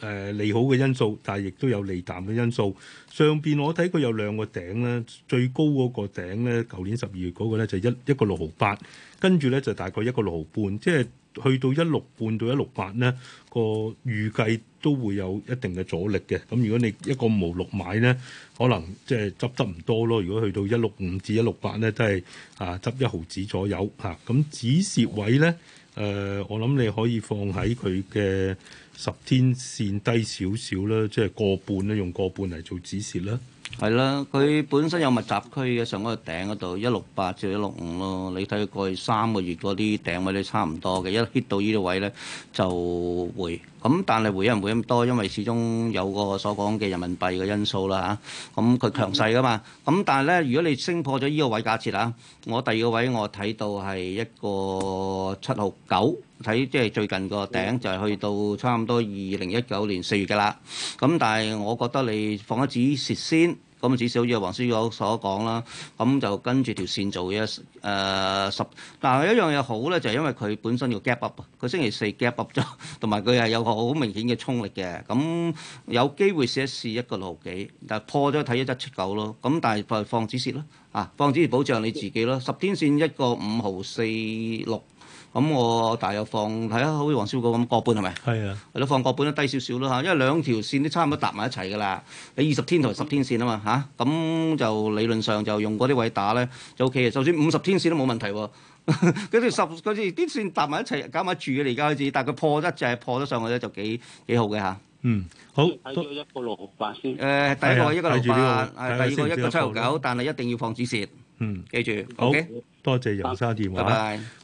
誒利好嘅因素，但係亦都有利淡嘅因素。上邊我睇佢有兩個頂咧，最高嗰個頂咧，舊年十二月嗰個咧就一一個六毫八，跟住咧就大概一個六毫半，即係。去到一六半到一六八咧，個預計都會有一定嘅阻力嘅。咁如果你一個無六買咧，可能即係執得唔多咯。如果去到一六五至一六八咧，都係啊執一毫子左右嚇。咁止蝕位咧，誒、呃，我諗你可以放喺佢嘅十天線低少少啦，即係過半咧，用過半嚟做止蝕啦。係啦，佢本身有密集區嘅，上嗰個頂嗰度一六八至一六五咯。5, 你睇過去三個月嗰啲頂位都差唔多嘅，一 hit 到呢啲位咧就會。咁但係回一唔會咁多，因為始終有個所講嘅人民幣嘅因素啦嚇。咁佢強勢噶嘛。咁但係咧，如果你升破咗呢個位，假設啦，我第二個位我睇到係一個七號九，睇即係最近個頂就係去到差唔多二零一九年四月㗎啦。咁但係我覺得你放一指蝕先。咁、嗯、至少如黃師友所講啦，咁、嗯、就跟住條線做嘢誒、呃、十。嗱，有一樣嘢好咧，就係、是、因為佢本身要 gap up，佢星期四 gap up 咗，同埋佢係有個好明顯嘅衝力嘅，咁、嗯、有機會試一試一個六毫幾，但係破咗睇一七七九咯。咁、嗯、但係放止蝕咯，啊，放止保障你自己咯。十天線一個五毫四六。咁、嗯、我大約放睇下、哎，好似黃少講咁個半係咪？係是啊，係咯，放個半都低少少啦嚇，因為兩條線都差唔多搭埋一齊㗎啦。你二十天同十天線嘛啊嘛嚇，咁就理論上就用嗰啲位打咧就 O K 嘅，就算五十天線都冇問題喎。佢哋十佢哋啲線搭埋一齊，搞埋住嘅嚟㗎，開始，但係佢破得就係破得上去咧，就幾幾好嘅嚇。啊、嗯，好睇咗、呃、好一個六八先。誒、嗯，第一個一個六八，啊這個、第二個一個七九，但係一定要放止蝕。嗯，記住好，okay? 多謝楊生電話。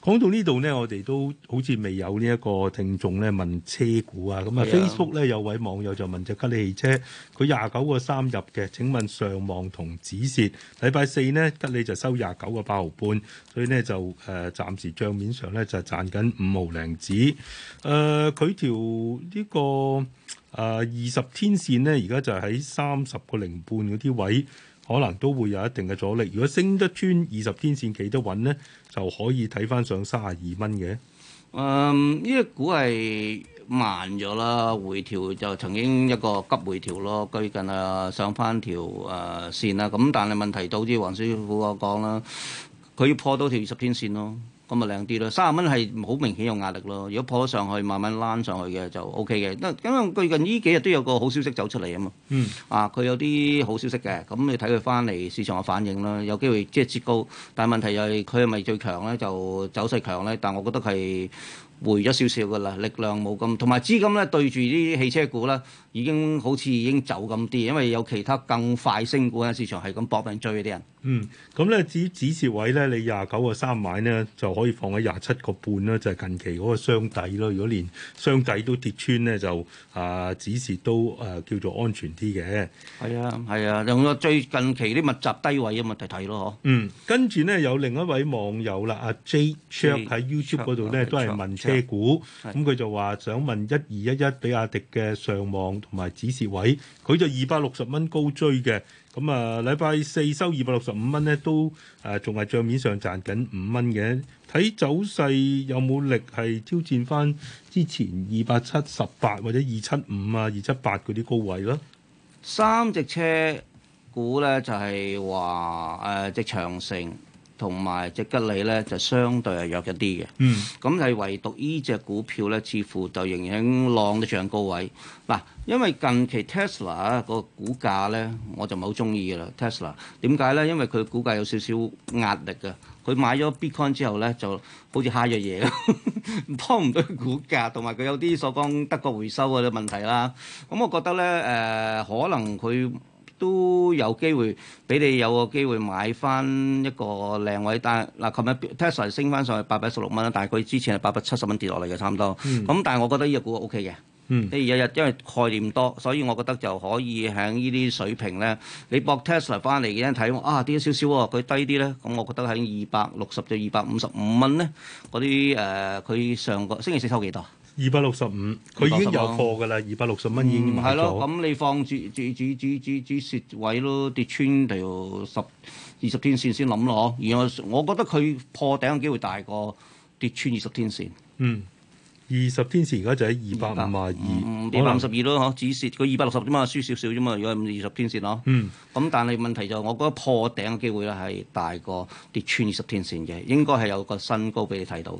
講拜到呢度呢，我哋都好似未有呢一個聽眾咧問車股啊。咁啊，Facebook 咧有位網友就問隻吉利汽車，佢廿九個三入嘅，請問上望同止蝕。禮拜四呢，吉利就收廿九個八毫半，所以、呃、暫呢，就誒暫時賬面上咧就賺緊五毫零子。誒、呃，佢條呢個誒二十天線呢，而家就喺三十個零半嗰啲位。可能都會有一定嘅阻力。如果升得穿二十天線企得穩咧，就可以睇翻上三十二蚊嘅。嗯，呢隻股係慢咗啦，回調就曾經一個急回調咯。最近啊，上翻條、呃、啊線啦。咁但係問題，好似黃師傅我講啦，佢要破到條二十天線咯。咁咪靚啲咯，三十蚊係好明顯有壓力咯。如果破咗上去，慢慢拉上去嘅就 O K 嘅。嗱，因為最近呢幾日都有個好消息走出嚟啊嘛。嗯。啊，佢有啲好消息嘅，咁你睇佢翻嚟市場嘅反應啦。有機會即係接高，但係問題又係佢係咪最強咧？就走勢強咧？但係我覺得係回咗少少噶啦，力量冇咁。同埋資金咧對住啲汽車股啦，已經好似已經走咁啲，因為有其他更快升股嘅市場係咁搏命追嗰啲人。嗯，咁咧至於指示位咧，你廿九個三買咧就可以放喺廿七個半啦，就係近期嗰個箱底咯。如果連箱底都跌穿咧，就啊指示都誒、啊、叫做安全啲嘅。係啊，係啊，用咗最近期啲密集低位咁啊睇睇咯嗬。嗯，跟住咧有另一位網友啦，阿、啊、J Chuck 喺 YouTube 度咧都係問車股，咁佢就話想問一二一一比亞迪嘅上望。同埋止蝕位，佢就二百六十蚊高追嘅，咁啊禮拜四收二百六十五蚊咧，都誒仲係帳面上賺緊五蚊嘅，睇走勢有冇力係挑戰翻之前二百七十八或者二七五啊、二七八嗰啲高位咯。三隻車股咧就係話誒即長城。同埋隻吉利咧就相對係弱一啲嘅，咁係、嗯、唯獨依隻股票咧，似乎就仍然浪得上高位。嗱、啊，因為近期 Tesla 個股價咧，我就唔係好中意嘅啦。Tesla 點解咧？因為佢股價有少少壓力嘅。佢買咗 Bitcoin 之後咧，就好似下咗嘢，pull 唔到股價，同埋佢有啲所講德國回收嗰啲問題啦。咁、嗯、我覺得咧，誒、呃、可能佢。都有機會俾你有個機會買翻一個靚位但係，嗱，琴日 Tesla 升翻上去八百一十六蚊啦，16, 但係佢之前係八百七十蚊跌落嚟嘅，差唔多。咁、嗯、但係我覺得呢隻股 O K 嘅。你日日因為概念多，所以我覺得就可以喺呢啲水平咧，你博 Tesla 翻嚟嘅睇啊跌少少喎，佢低啲咧，咁我覺得喺二百六十至二百五十五蚊咧，嗰啲誒佢上個星期四收幾多？5, 嗯、二百六十五，佢已經有貨㗎啦，二百六十蚊已經賣咗。嗯，係咯，咁你放住住住住住蝕位咯，跌穿條十二十天線先諗咯，嗬。而我，我覺得佢破頂嘅機會大過跌穿二十天線。嗯，二十天線而家就喺二百五十二，二百五十二咯，嗬。止蝕佢二百六十啫嘛，輸少少啫嘛，有二十天線咯。嗯。咁但係問題就是，我覺得破頂嘅機會咧係大過跌穿二十天線嘅，應該係有個新高俾你睇到嘅。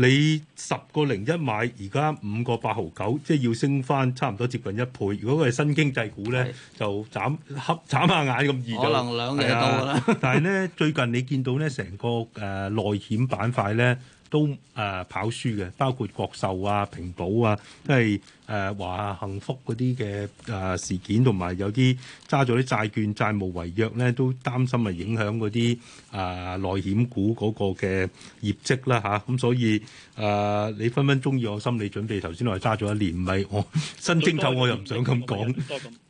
你十個零一買，而家五個八毫九，即係要升翻差唔多接近一倍。如果佢係新經濟股咧，是就眨黑眨下眼咁易可 能兩年都到㗎啦。 但係咧最近你見到咧成個誒、呃、內險板塊咧都誒、呃、跑輸嘅，包括國壽啊、平保啊，都、就、係、是。誒華、呃、幸福嗰啲嘅誒事件，同埋有啲揸咗啲債券、債務違約咧，都擔心係影響嗰啲誒內險股嗰個嘅業績啦嚇。咁、啊、所以誒、呃，你分分鐘要、啊、有心理準備。頭先我係揸咗一年，咪我新徵購，我又唔想咁講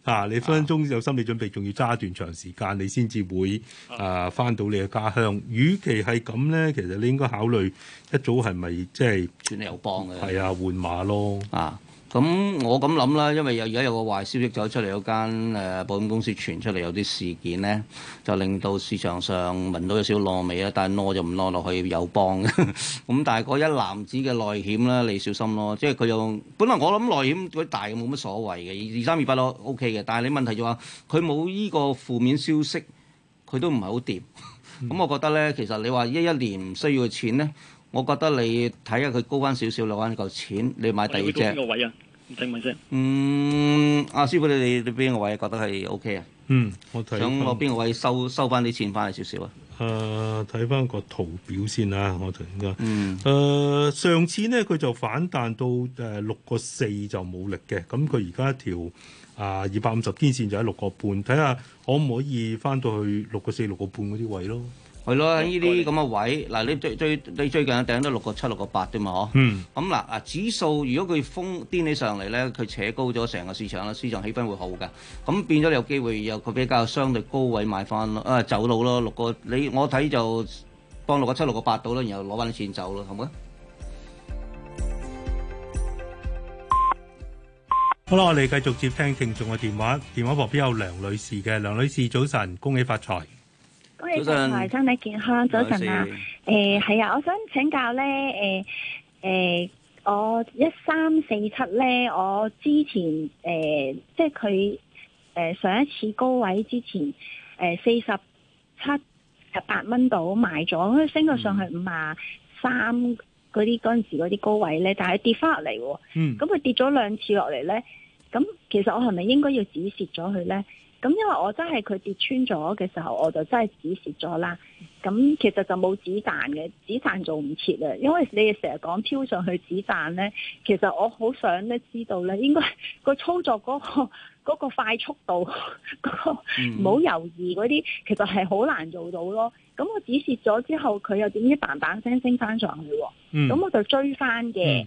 嚇。你分分鐘有心理準備，仲要揸一段長時間，你先至會誒返、啊、到你嘅家鄉。與其係咁咧，其實你應該考慮一早係咪即係轉友邦嘅？係啊，換馬咯啊！咁我咁諗啦，因為有而家有個壞消息走出嚟，有、呃、間保險公司傳出嚟有啲事件咧，就令到市場上聞到有少糯味啦。但係攞就唔攞落去友邦嘅。咁 但係嗰一籃子嘅內險咧，你小心咯。即係佢又，本來我諗內險嗰啲大冇乜所謂嘅，二三二八咯 O K 嘅。但係你問題就話佢冇呢個負面消息，佢都唔係好掂。咁、嗯、我覺得咧，其實你話一一年唔需要嘅錢咧。我覺得你睇下佢高翻少少兩蚊嚿錢，你買第二隻。睇邊個位啊？睇唔睇先？嗯，阿師傅你你邊個位覺得係 OK 啊？嗯，我睇。想攞邊個位收收翻啲錢翻嚟少少啊？誒、呃，睇翻個圖表先啦、啊。我睇下。嗯。誒、呃，上次呢，佢就反彈到誒六個四就冇力嘅，咁佢而家一條啊二百五十天線就喺六個半，睇下可唔可以翻到去六個四、六個半嗰啲位咯？係咯，呢啲咁嘅位，嗱你最最你最近啊，頂都六個七、六個八啫嘛，嗬。嗯。咁嗱啊，指數如果佢瘋癲起上嚟咧，佢扯高咗成個市場啦，市場氣氛會好㗎。咁變咗你有機會又佢比較相對高位買翻咯，啊走佬咯，六個你我睇就當六個七、六個八到啦，然後攞翻啲錢走咯，好唔 好啊？好啦，我哋繼續接聽聽眾嘅電話，電話旁邊有梁女士嘅，梁女士早晨，恭喜發財。恭喜發財，身體健康，早晨啊！誒晨，係晨、呃、啊，我想請教咧，誒、呃、誒、呃，我一三四七咧，我之前誒、呃，即係佢誒上一次高位之前誒，四十七十八蚊度賣咗，咁升到上去五啊三嗰啲嗰陣時嗰啲高位咧，但係跌翻落嚟，嗯，咁佢跌咗兩次落嚟咧，咁其實我係咪應該要止蝕咗佢咧？咁因為我真係佢跌穿咗嘅時候，我就真係止蝕咗啦。咁其實就冇止賺嘅，止賺做唔切啊！因為你哋成日講飄上去止賺咧，其實我好想咧知道咧，應該個操作嗰個嗰個快速度，嗰個唔好猶豫嗰啲，其實係好難做到咯。咁我止蝕咗之後，佢又點知呯呯聲升翻上去喎？咁我就追翻嘅。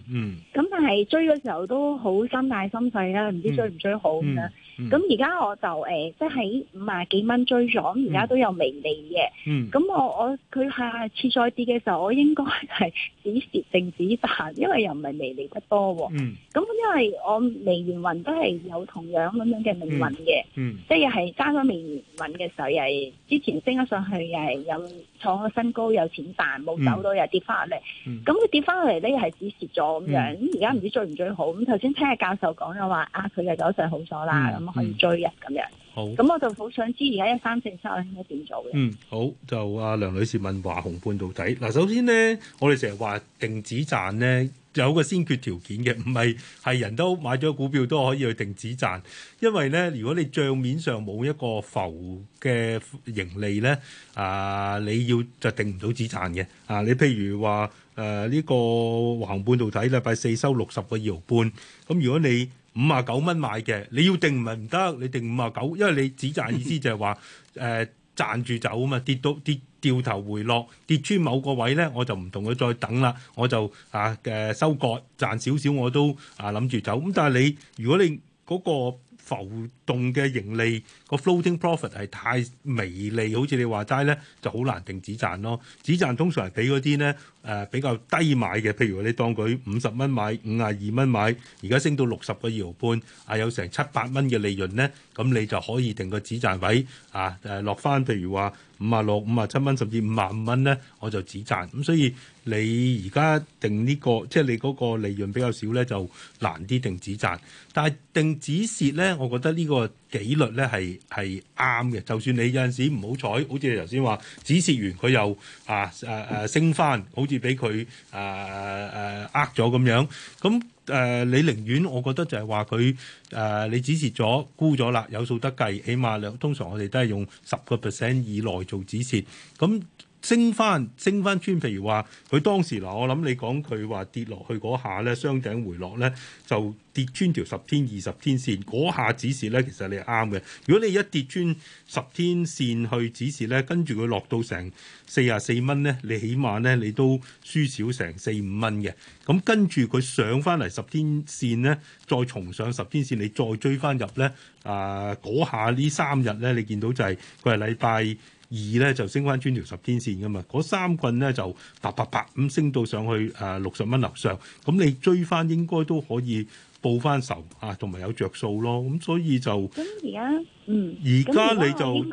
咁但係追嘅時候都好心大心細啦，唔知追唔追好咁樣。咁而家我就誒、呃，即係五廿幾蚊追咗，咁而家都有微利嘅。咁、嗯嗯嗯、我我佢下次再跌嘅時候，我應該係止蝕定止賺？因為又唔係微利得多喎。咁、嗯嗯嗯、因為我微元運都係有同樣咁樣嘅命運嘅，嗯嗯、即係又係加咗微元運嘅時候，係之前升咗上去，又係有。創個新高，有錢賺，冇走到，又跌翻落嚟，咁佢、嗯、跌翻落嚟咧又係止蝕咗咁樣，而家唔知最唔最好。咁頭先聽阿教授講又話啊，佢嘅走勢好咗啦，咁可以追啊，咁樣。好、嗯，咁我就好想知而家一三四七應該點做嘅。嗯，好，就阿梁女士問華虹半導體。嗱，首先咧，我哋成日話定止賺咧。有個先決條件嘅，唔係係人都買咗股票都可以去定止賺，因為咧，如果你帳面上冇一個浮嘅盈利咧，啊、呃，你要就定唔到止賺嘅，啊，你譬如話誒呢個橫半導體，禮拜四收六十個二毫半，咁如果你五啊九蚊買嘅，你要定唔係唔得，你定五啊九，因為你止賺意思就係話誒。 賺住走啊嘛，跌到跌掉頭回落，跌穿某個位咧，我就唔同佢再等啦，我就啊誒收割賺少少，我都啊諗住走。咁但係你如果你嗰個， 浮動嘅盈利個 floating profit 係太微利，好似你話齋咧，就好難定止賺咯。止賺通常係俾嗰啲咧誒比較低買嘅，譬如你當佢五十蚊買五十二蚊買，而家升到六十個二毫半，啊有成七八蚊嘅利潤咧，咁你就可以定個止賺位啊誒落翻，譬如話。五萬六、五萬七蚊，甚至五萬五蚊咧，我就止賺。咁所以你而家定呢個，即係你嗰個利潤比較少咧，就難啲定止賺。但係定止蝕咧，我覺得呢個紀律咧係係啱嘅。就算你有陣時唔好彩，好似你頭先話止蝕完佢又啊啊啊升翻，好似俾佢啊啊呃咗咁樣咁。誒、呃，你寧願我覺得就係話佢誒，你止蝕咗沽咗啦，有數得計，起碼兩通常我哋都係用十個 percent 以內做止蝕，咁、嗯。升翻升翻穿，譬如話佢當時嗱，我諗你講佢話跌落去嗰下咧，雙頂回落咧，就跌穿條十天二十天線嗰下止蝕咧，其實你係啱嘅。如果你一跌穿十天線去止蝕咧，跟住佢落到成四十四蚊咧，你起碼咧你都輸少成四五蚊嘅。咁跟住佢上翻嚟十天線咧，再重上十天線，你再追翻入咧，啊、呃、嗰下呢三日咧，你見到就係佢係禮拜。二咧就升翻穿條十天線噶嘛，嗰三棍咧就啪啪啪咁升到上去誒六十蚊樓上，咁你追翻應該都可以報翻仇啊，同埋有着數咯，咁所以就咁而家，嗯，而家現在 你就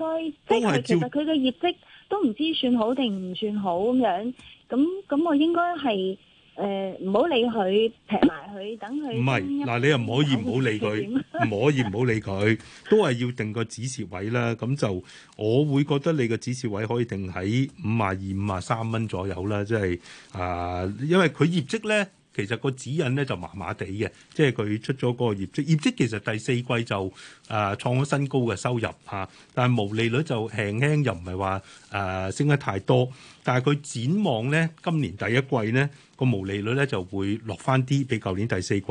都係照，其實佢嘅業績都唔知算好定唔算好咁樣，咁咁我應該係。誒，唔好理佢，劈埋佢，等佢。唔係嗱，你又唔可以唔好理佢，唔 可以唔好理佢，都係要定個止蝕位啦。咁就我會覺得你個止蝕位可以定喺五啊、二、五啊、三蚊左右啦。即係啊，因為佢業績咧，其實個指引咧就麻麻地嘅，即係佢出咗個業績，業績其實第四季就啊、呃、創咗新高嘅收入吓、啊，但係毛利率就輕輕又唔係話誒升得太多。但係佢展望咧，今年第一季咧個毛利率咧就會落翻啲，比舊年第四季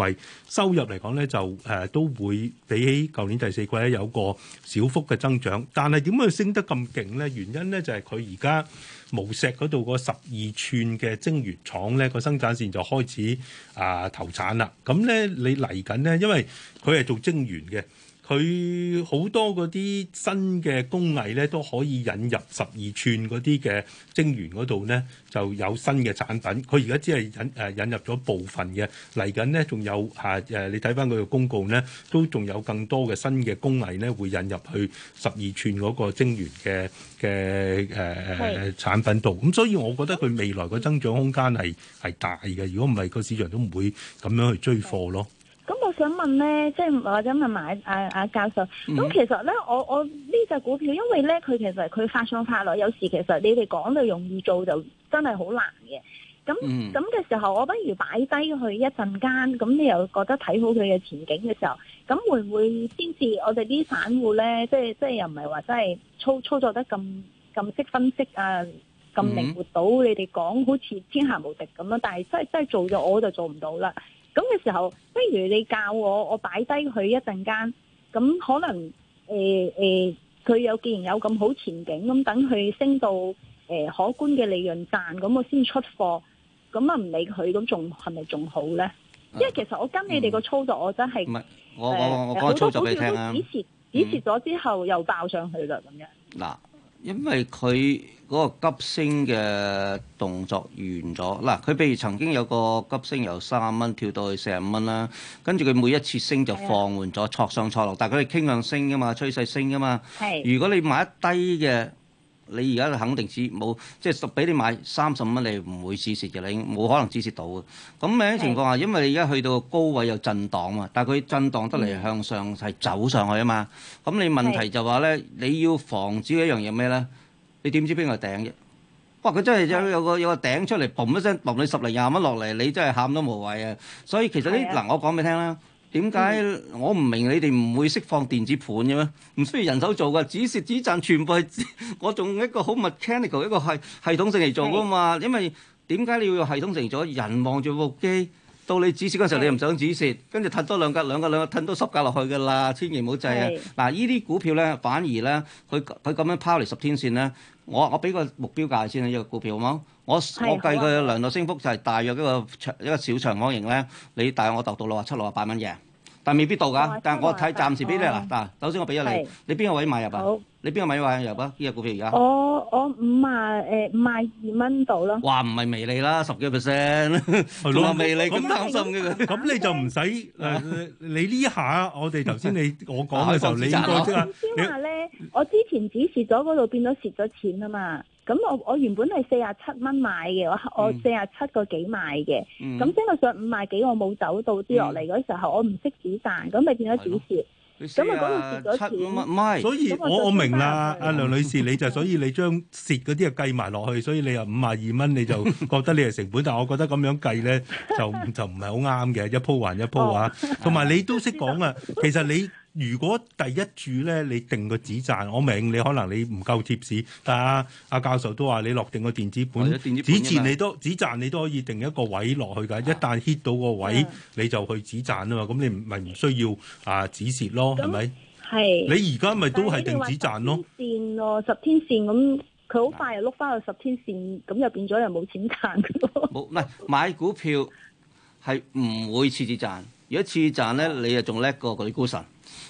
收入嚟講咧就誒、呃、都會比起舊年第四季咧有個小幅嘅增長。但係點解佢升得咁勁咧？原因咧就係佢而家無錫嗰度個十二寸嘅晶圓廠咧個生產線就開始啊、呃、投產啦。咁咧你嚟緊咧，因為佢係做晶圓嘅。佢好多嗰啲新嘅工藝咧，都可以引入十二寸嗰啲嘅晶圓嗰度咧，就有新嘅產品。佢而家只係引誒、呃、引入咗部分嘅，嚟緊呢，仲有嚇誒、呃，你睇返佢嘅公告咧，都仲有更多嘅新嘅工藝咧，會引入去十二寸嗰個晶圓嘅嘅誒誒產品度。咁、嗯、所以我覺得佢未來個增長空間係係大嘅。如果唔係，個市場都唔會咁樣去追貨咯。想問咧，即係或者問埋阿阿教授。咁其實咧，我我呢隻股票，因為咧佢其實佢忽上忽落，有時其實你哋講到容易做，就真係好難嘅。咁咁嘅時候，我不如擺低佢一陣間。咁你又覺得睇好佢嘅前景嘅時候，咁會唔會先至我哋啲散戶咧？即係即係又唔係話真係操操作得咁咁識分析啊，咁靈活到、嗯、你哋講好似天下無敵咁樣？但係真真係做咗我就做唔到啦。咁嘅時候，不如你教我，我擺低佢一陣間。咁可能，誒、呃、誒，佢、呃、有既然有咁好前景，咁等佢升到誒、呃、可觀嘅利潤賺，咁我先出貨。咁啊唔理佢，咁仲係咪仲好咧？因為其實我跟你哋個操作，嗯、我真係唔係我、呃、我我講多操作俾你聽啊。好多股票都止蝕止蝕咗之後又爆上去啦，咁樣、嗯。嗱。因為佢嗰個急升嘅動作完咗，嗱佢譬如曾經有個急升由三十蚊跳到去四十五蚊啦，跟住佢每一次升就放緩咗，挫、哎、呀上挫落，但係佢傾向升㗎嘛，趨勢升㗎嘛。係是，如果你買一低嘅。你而家肯定止冇，即係俾你買三十蚊，你唔會止蝕嘅，你冇可能止蝕到嘅。咁咩情況下，因為你而家去到高位有震盪啊嘛，但係佢震盪得嚟向上係走上去啊嘛。咁你問題就話咧，你要防止一樣嘢咩咧？你點知邊個頂嘅？哇！佢真係有有個有個頂出嚟，嘣一聲，落你十零廿蚊落嚟，你真係喊都無謂啊！所以其實呢，嗱、呃，我講俾你聽啦。點解我唔明你哋唔會釋放電子盤嘅咩？唔需要人手做噶，止蝕止賺全部係 我用一個好 mechanical 一個係系統性嚟做噶嘛。是因為點解你要用系統性做？人望住部機。到你止蝕嗰時候，的你又唔想止蝕，跟住褪多兩格、兩格兩格褪多十格落去㗎啦，千祈唔好滯啊！嗱的，呢啲股票咧，反而咧，佢佢咁樣拋嚟十天線咧，我我俾個目標價先，呢、呢個股票好冇？我的我計佢嘅量度升幅就係大約一個長、啊、一個小長方形咧，你大約我度到六啊七、六啊八蚊嘅。但未必到噶，哦啊、但係我睇，暫時俾你咧嗱。首先我俾咗你，是你邊個位買入啊？好，你邊個位買入啊？呢、這、隻、個、股票而家？我我五萬誒、呃、五萬二蚊度咯。話唔係微利啦，十幾 percent，仲話微利咁擔心嘅，咁、啊嗯、你就唔使誒。你呢下我哋頭先你我講嘅時候， 啊、你講先話咧，我之前指示咗嗰度變咗蝕咗錢啊嘛。咁我我原本係四十七蚊買嘅，嗯、我我四十七個幾買嘅，咁升到上五十幾我冇走到啲落嚟嗰時候，嗯、我唔識止賺，咁咪變咗止蝕。咁啊嗰度蝕咗錢。唔係、就是，所以我我明啦，阿梁女士你就所以你將蝕嗰啲啊計埋落去，所以你又五十二蚊你就覺得你係成本， 但係我覺得咁樣計咧就就唔係好啱嘅，一鋪還一鋪啊，同埋 你都識講啊，其實你。 如果第一注咧，你定個止賺，我明你可能你唔夠貼士，但阿阿教授都話你落定個電子本止前你都止賺，你都可以定一個位落去㗎。一旦 hit 到個位，你就去止賺啊嘛。咁你咪唔需要啊止蝕咯，係咪？係。你而家咪都係定止賺咯。天線喎，十天線咁，佢好快又碌翻去十天線，咁又變咗又冇錢賺。唔係，買股票係唔會次次賺，如果次次賺咧，你又仲叻過啲股神。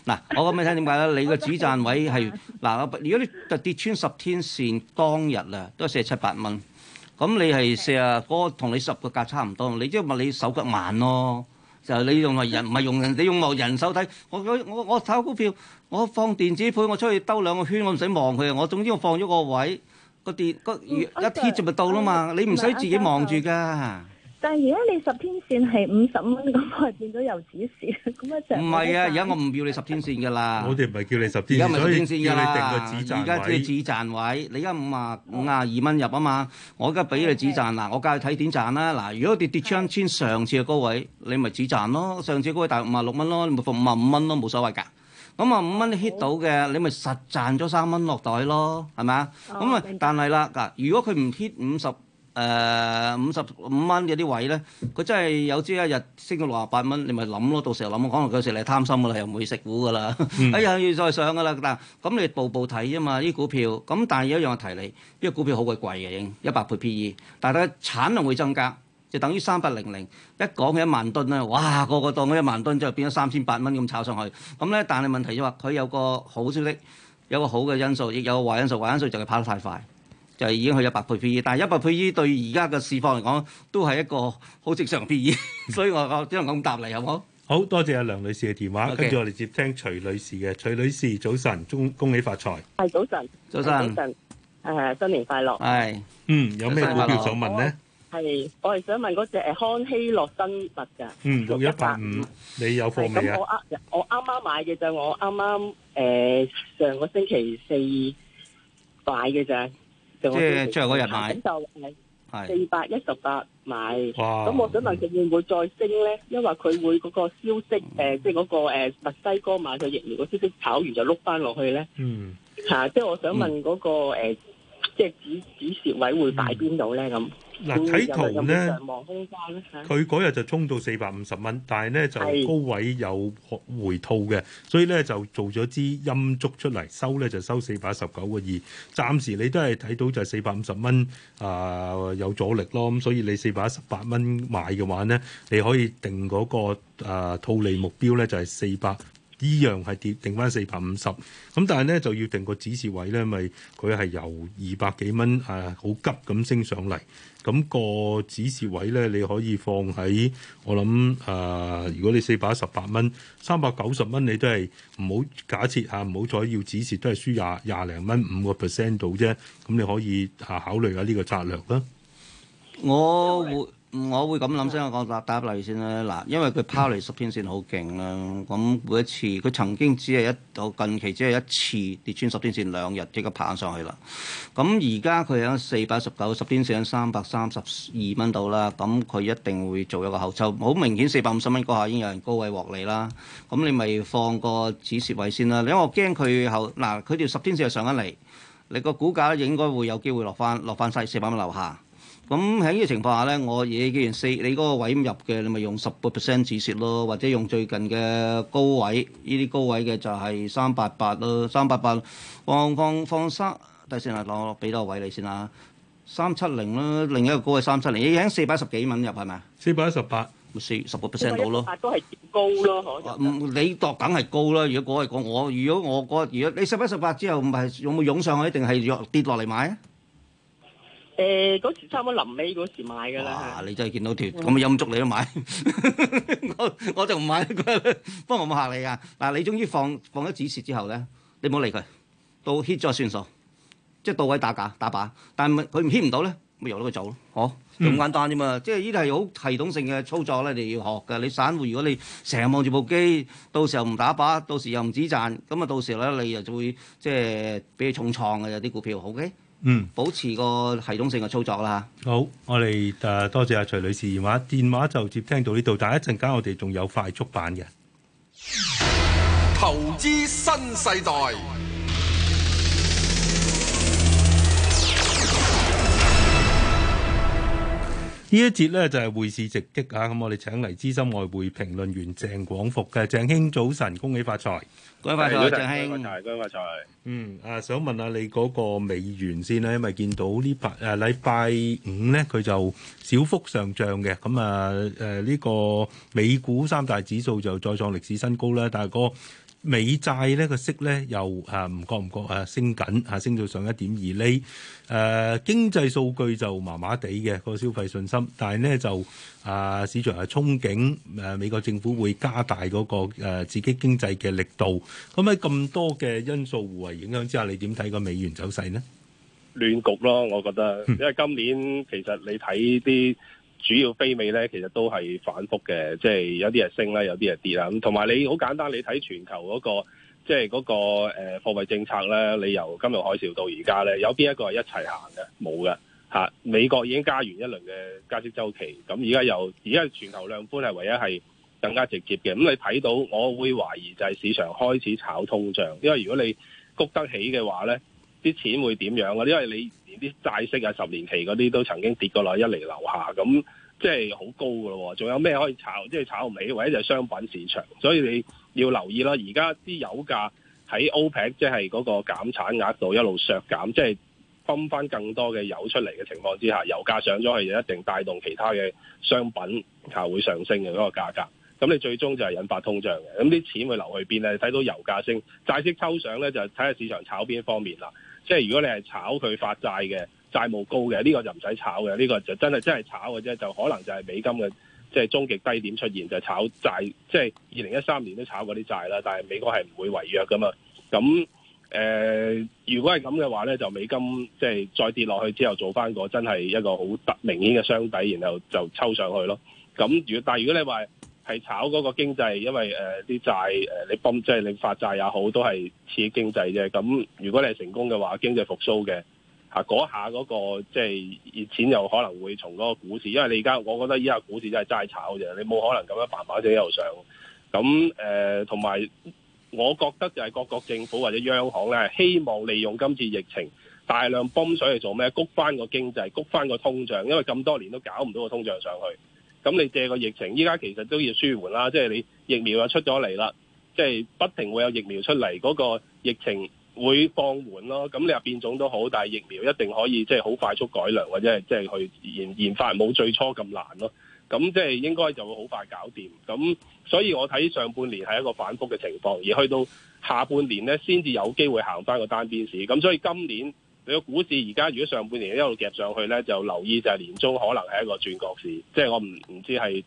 嗱，我講俾你聽點解咧？你個止賺位係嗱，如果你就跌穿十天線當日啦，都四十七八蚊。咁你係四啊，嗰個同你十個價差唔多。你即係話你手腳慢咯，就你用埋人，唔係 用人，你用望人手睇。我我我炒股票，我放電子盤，我出去兜兩個圈，我唔使望佢啊。我總之我放咗個位，電嗰個電個 Okay. 一貼就咪到啦嘛。你唔使自己望住㗎。但係而家你十天線係五十蚊咁，我係變咗遊止蝕，咁啊成唔係啊！而家我唔要你十天線噶啦， 我哋唔係叫你十天線，而家咪十天線而家定個止賺位而家即係止賺位，你而家五啊五啊二蚊入啊嘛，我而家俾你止賺嗱，Okay. 我教你睇點賺啦、啊、嗱。如果跌跌穿上次嘅高位，你咪止賺咯。上次高位大五啊六蚊咯，你咪放五啊五蚊咯，冇所謂噶。咁啊五蚊你 hit 到嘅，oh. 你咪實賺咗三蚊落袋咯，係咪啊？咁啊但係啦嗱，oh, 如果佢唔 hit 五十。誒五十五蚊嗰啲位咧，佢真係有朝一日升到六十八蚊，你咪諗咯。到時候諗，可能有時你係貪心噶啦，又唔會食糊噶啦，嗯、 哎又要再上噶啦。嗱，咁你步步睇啫嘛。啲股票，咁但係有一樣提你，呢個股票好鬼貴嘅已經一百倍 P E，但係佢產量會增加，就等於三百零零。一講起一萬噸咧，哇，個個當嗰一萬噸就變咗三千八蚊咁炒上去。咁咧，但係問題就話佢有個好消息，有個好嘅因素，亦有個壞因素。壞因素就係跑得太快。就係已經去咗百倍 PE，但係一百倍爾對而家嘅市況嚟講，都係一個好正常嘅 PE，所以我我只能講咁答你，好唔好？好多謝阿梁女士嘅電話，跟住我哋接聽徐女士嘅。徐女士早晨，恭恭喜發財。係早晨，早晨，早晨。誒新年快樂！係嗯，有咩股票想問咧？係我係想問嗰隻誒康希諾生物㗎。嗯，六一八五，你有貨未啊？咁我啱我啱啱買嘅就我啱啱誒上個星期四買嘅咋。即係最後嗰日買，係四百一十八買，咁我想問佢會唔會再升咧？因為佢會嗰個消息，誒，即係嗰個誒，墨西哥買咗疫苗嘅消息炒完就碌翻落去咧。嗯，吓，即係我想問嗰個誒。即係指止蝕位會擺邊度咧咁？嗱睇、嗯、圖咧，佢嗰日就衝到四百五十蚊，但係咧就高位有回吐嘅，是所以咧就做咗支陰燭出嚟，收咧就收四百一十九個二。暫時你都係睇到就係四百五十蚊啊，有阻力咯，咁所以你四百一十八蚊買嘅話咧，你可以定嗰、那個、呃、套利目標咧就係四百。依樣係跌定翻四百五十，咁但係咧就要定指、啊嗰個指示位咧，咪佢係由二百幾蚊啊，好急咁升上嚟，咁個指示位咧你可以放喺我諗啊，如果你四百一十八蚊、三百九十蚊，你都係唔好假設嚇，唔、啊、好再要指示都係輸廿廿零蚊，五個 percent 到啫，咁你可以啊考慮下呢個策略啦。我會。我會咁諗的先，我講打打例先啦。嗱，因為佢拋離十天線好勁啦，咁每一次佢曾經只係一，我近期只係一次跌穿十天線兩日，即刻爬上去啦。咁而家佢喺四百十九，十天線喺三百三十二蚊度啦。咁佢一定會做一個後抽，好明顯四百五十蚊嗰下已經有人高位獲利啦。咁你咪放個止蝕位先啦。因為我驚佢後嗱，佢條十天線就上緊嚟，你個股價咧應該會有機會落翻落翻晒四百蚊樓下。咁喺呢個情況下咧，我嘢既然四你嗰個位咁入嘅，你咪用十個 percent 止蝕咯，或者用最近嘅高位，呢啲高位嘅就係三八八啦，三八八放放放三，睇先啦，落俾多個位你先啦，三七零啦，另一個高位三七零，你影四百一十幾蚊入係咪？四百一十八，四十個 percent 到咯。都係高咯，可以你度梗係高啦！如果講係講我，如果我如果你四百一十八之後唔係有冇湧上去，一定係跌落嚟買？誒嗰時差唔多臨尾嗰時買㗎啦，哇！你真係見到條咁嘅陰燭，你都買，我我就唔買。不過我冇嚇你啊，但係你終於放放咗止蝕之後咧，你唔好理佢，到 hit 咗算數，即係到位打假打靶，但係佢 hit 唔到咧，咪由得佢走咯，嗬？咁簡單啫嘛，即係呢啲係好系統性嘅操作咧，你要學㗎。你散戶如果你成日望住部機，到時候唔打靶，到時又唔止賺，咁啊到時候咧你又就會即係俾佢重創㗎，有啲股票，OK？嗯，保持個系統性嘅操作啦。好，我哋誒多謝阿徐女士電話，電話就接聽到呢度，但係一陣間我哋仲有快速版嘅投資新世代。呢一節咧，就係匯市直擊啊！咁我哋請嚟資深外匯評論員鄭廣福嘅鄭兄早晨，恭喜發財！恭喜發財，鄭兄！恭喜發財！嗯，啊，想問下你嗰個美元先啦，因為見到呢排誒禮拜五咧，佢就小幅上漲嘅。咁啊誒呢個美股三大指數就再創歷史新高啦，大哥。美債呢個息呢，又啊唔覺唔覺啊升緊啊升到上一點二厘誒、呃、經濟數據就麻麻地嘅個消費信心，但係呢，就啊、呃、市場係憧憬誒、呃、美國政府會加大嗰、那個誒、呃、刺激經濟嘅力度。咁喺咁多嘅因素互為影響之下，你點睇個美元走勢呢？亂局咯，我覺得，因為今年其實你睇啲。主要非美咧，其實都係反覆嘅，即係有啲係升啦，有啲係跌啦。咁同埋你好簡單，你睇全球嗰、那個即係嗰個誒、呃、貨幣政策咧，你由金融海嘯到而家咧，有邊一個係一齊行嘅？冇嘅嚇。美國已經加完一輪嘅加息周期，咁而家又而家全球量寬係唯一係更加直接嘅。咁、嗯、你睇到，我會懷疑就係市場開始炒通脹，因為如果你谷得起嘅話咧，啲錢會點樣啊？因為你。啲債息啊，十年期嗰啲都曾經跌過落一嚟樓下，咁即係好高嘅咯喎。仲有咩可以炒？即係炒尾，或者就係商品市場。所以你要留意啦。而家啲油價喺 OPEC 即係嗰個減產額度一路削減，即係分翻更多嘅油出嚟嘅情況之下，油價上咗去，就一定帶動其他嘅商品係會上升嘅嗰個價格。咁你最終就係引發通脹嘅。咁啲錢會流去邊咧？你睇到油價升，債息抽上咧就睇下市場炒邊方面啦。即係如果你係炒佢發債嘅，債務高嘅呢、這個就唔使炒嘅，呢、這個就真係真係炒嘅啫，就可能就係美金嘅即係終極低點出現，就炒債。即係二零一三年都炒過啲債啦，但係美國係唔會違約㗎嘛。咁誒、呃，如果係咁嘅話咧，就美金即係再跌落去之後做，做翻個真係一個好得明顯嘅箱底，然後就抽上去咯。咁如果但係如果你話，係炒嗰個經濟，因為誒啲債誒你泵即係你發債也好，都係刺激經濟啫。咁如果你係成功嘅話，經濟復蘇嘅吓，嗰、啊、下嗰、那個即係、就是、熱錢又可能會從嗰個股市，因為你而家我覺得而家股市真係齋炒嘅，你冇可能咁樣白慢升喺度上。咁誒，同、呃、埋我覺得就係各國政府或者央行咧，希望利用今次疫情大量泵水嚟做咩？谷翻個經濟，谷翻個通脹，因為咁多年都搞唔到個通脹上去。咁你借個疫情，依家其實都要舒緩啦，即係你疫苗又出咗嚟啦，即係不停會有疫苗出嚟，嗰個疫情會放緩咯。咁你話變種都好，但係疫苗一定可以即係好快速改良或者係即係去研研發冇最初咁難咯。咁即係應該就會好快搞掂。咁所以我睇上半年係一個反覆嘅情況，而去到下半年呢，先至有機會行翻個單邊市。咁所以今年。你個股市而家如果上半年一路夾上去咧，就留意就係年中可能係一個轉角市，即係我唔唔知係誒、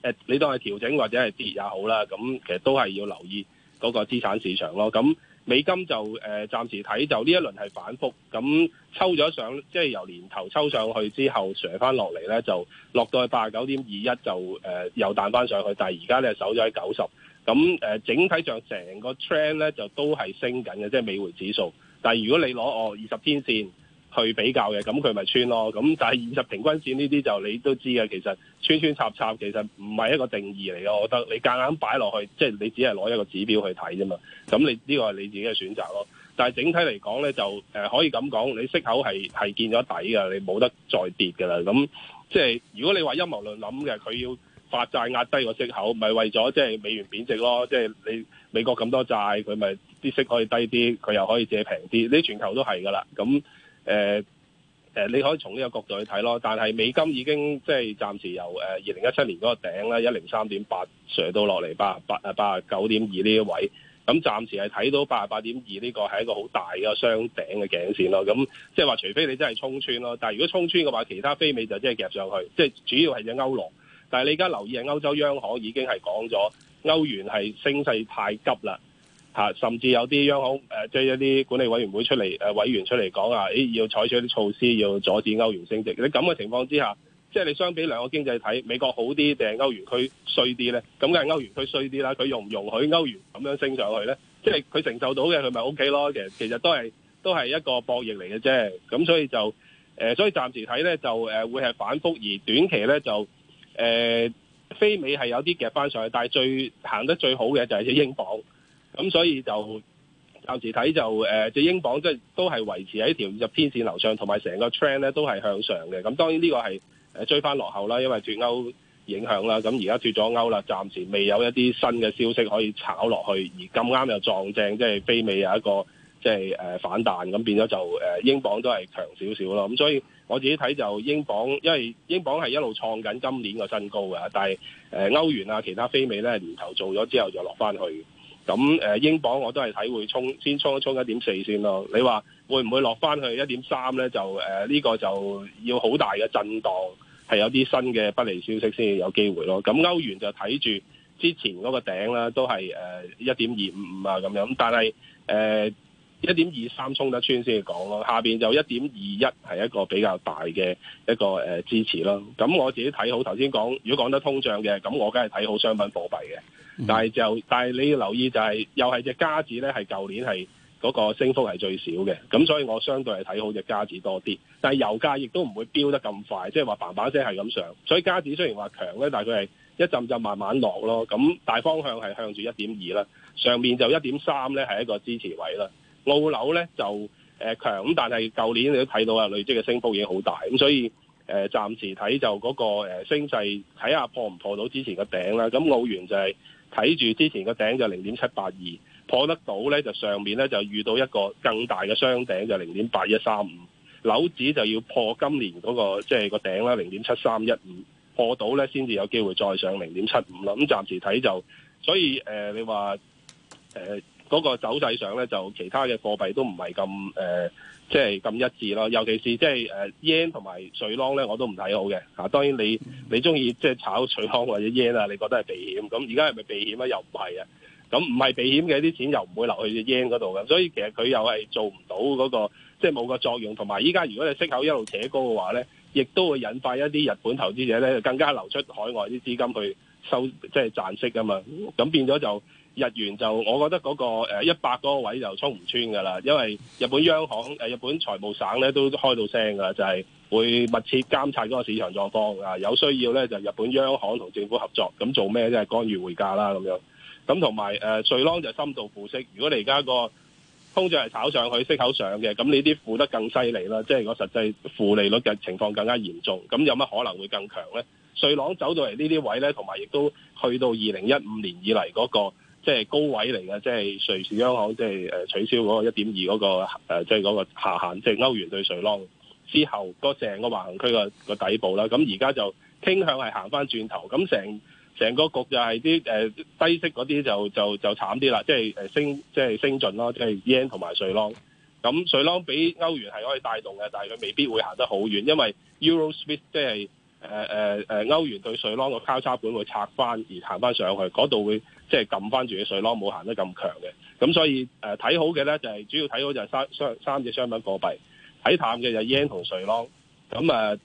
呃、你當係調整或者係跌也好啦。咁其實都係要留意嗰個資產市場咯。咁美金就誒暫、呃、時睇就呢一輪係反覆，咁抽咗上即係由年頭抽上去之後上翻落嚟咧，就落到去八十九點二一就誒、呃、又彈翻上去，但係而家咧守咗喺九十。咁、呃、誒整體上成個 trend 咧就都係升緊嘅，即係美匯指數。但係如果你攞我二十天線去比較嘅，咁佢咪穿咯？咁但係二十平均線呢啲就你都知嘅，其實穿穿插插其實唔係一個定義嚟嘅。我覺得你夾硬擺落去，即係你只係攞一個指標去睇啫嘛。咁你呢個係你自己嘅選擇咯。但係整體嚟講咧，就誒，呃，可以咁講，你息口係係見咗底㗎，你冇得再跌㗎啦。咁即係如果你話陰謀論諗嘅，佢要發債壓低個息口，咪係為咗即係美元貶值咯。即係你美國咁多債，佢咪啲息可以低啲，佢又可以借平啲。呢全球都係噶啦。咁誒誒，你可以從呢個角度去睇咯。但係美金已經即係暫時由誒二零一七年嗰個頂啦，一零三點八上到落嚟八十八啊，八十九點二呢一位。咁暫時係睇到八十八點二呢個係一個好大嘅雙頂嘅頸線咯。咁即係話，除非你真係衝穿咯，但係如果衝穿嘅話，其他非美就真係夾上去，即係主要係隻歐羅。但係你而家留意係歐洲央行已經係講咗歐元係升勢太急啦，吓、啊、甚至有啲央行誒即係一啲管理委員會出嚟誒、呃、委員出嚟講啊，誒、哎、要採取啲措施要阻止歐元升值。你咁嘅情況之下，即係你相比兩個經濟體，美國好啲定係歐元區衰啲咧？咁梗係歐元區衰啲啦，佢容唔容許歐元咁樣升上去咧？即係佢承受到嘅，佢咪 OK 咯。其實其實都係都係一個博弈嚟嘅啫。咁所以就誒、呃，所以暫時睇咧就誒、呃、會係反復，而短期咧就。誒、呃、非美係有啲夾翻上去，但係最行得最好嘅就係隻英鎊，咁、嗯、所以就暫時睇就誒隻、呃、英鎊即係都係維持喺條入天線樓上，同埋成個 trend 咧都係向上嘅。咁、嗯、當然呢個係誒追翻落後啦，因為脫歐影響啦。咁而家脱咗歐啦，暫時未有一啲新嘅消息可以炒落去，而咁啱又撞正，即係非美有一個即係誒、呃、反彈，咁、嗯、變咗就誒、呃、英鎊都係強少少咯。咁、嗯、所以。我自己睇就英鎊，因為英鎊係一路創緊今年個新高嘅，但係誒、呃、歐元啊其他非美咧年頭做咗之後就落翻去。咁誒、呃、英鎊我都係睇會衝，先衝一衝一點四先咯。你話會唔會落翻去一點三咧？就誒呢、呃這個就要好大嘅震盪，係有啲新嘅不利消息先至有機會咯。咁、呃、歐元就睇住之前嗰個頂啦，都係誒一點二五五啊咁樣，但係誒、呃一點二三衝得穿先至講咯，下邊就一點二一係一個比較大嘅一個誒支持咯。咁我自己睇好頭先講，如果講得通脹嘅，咁我梗係睇好商品貨幣嘅。但係就但係你要留意就係、是，又係隻加紙咧，係舊年係嗰個升幅係最少嘅。咁所以我相對係睇好隻加紙多啲。但係油價亦都唔會飆得咁快，即係話嘭嘭聲係咁上。所以加紙雖然話強咧，但係佢係一陣就慢慢落咯。咁大方向係向住一點二啦，上面就一點三咧係一個支持位啦。澳紐咧就誒、呃、強，咁但係舊年你都睇到啊，累積嘅升幅已經好大，咁、嗯、所以誒、呃、暫時睇就嗰、那個升勢睇下破唔破到之前個頂啦。咁澳元就係睇住之前個頂就零點七八二，破得到咧就上面咧就遇到一個更大嘅雙頂就零點八一三五，紐紙就要破今年嗰、那個即係、就是、個頂啦，零點七三一五破到咧先至有機會再上零點七五啦。咁、嗯、暫時睇就，所以誒、呃、你話誒。呃呃嗰個走勢上咧，就其他嘅貨幣都唔係咁誒，即係咁一致咯。尤其是即係誒 yen 同埋瑞郎咧，我都唔睇好嘅。嚇、啊，當然你你中意即係炒瑞康或者 yen 啊，你覺得係避險。咁而家係咪避險啊？又唔係啊。咁唔係避險嘅啲錢又唔會流去 yen 嗰度嘅。所以其實佢又係做唔到嗰、那個即係冇個作用。同埋依家如果你息口一路扯高嘅話咧，亦都會引發一啲日本投資者咧更加流出海外啲資金去收即係、就是、賺息啊嘛。咁變咗就。日元就，我覺得嗰個一百嗰個位就衝唔穿噶啦，因為日本央行、誒日本財務省咧都開到聲噶啦，就係、是、會密切監察嗰個市場狀況啊，有需要咧就日本央行同政府合作，咁做咩即係？干預匯價啦咁樣，咁同埋誒瑞郎就深度負息。如果你而家個通脹係炒上去，息口上嘅，咁呢啲負得更犀利啦，即係個實際負利率嘅情況更加嚴重。咁有乜可能會更強咧？瑞郎走到嚟呢啲位咧，同埋亦都去到二零一五年以嚟嗰、那個。即係高位嚟嘅，即係瑞士央行即係誒取消嗰個一點二嗰個即係嗰個下限，即係歐元對瑞郎之後嗰正個橫行區個、嗰個底部啦。咁而家就傾向係行翻轉頭，咁成成個局就係啲誒低息嗰啲就就就，就慘啲啦。即係誒升，即、就、係、是、升準咯，即係 yen 同埋瑞郎。咁瑞郎比歐元係可以帶動嘅，但係佢未必會行得好遠，因為 EuroSwiss 即係誒誒誒歐元對瑞郎個交叉盤會拆翻而行翻上去，嗰度會。即係撳翻住嘅瑞咯，冇行得咁強嘅。咁所以誒睇、呃、好嘅咧，就係、是、主要睇好就係三三隻商品貨幣。睇淡嘅就 yen 同瑞咯。咁啊、呃，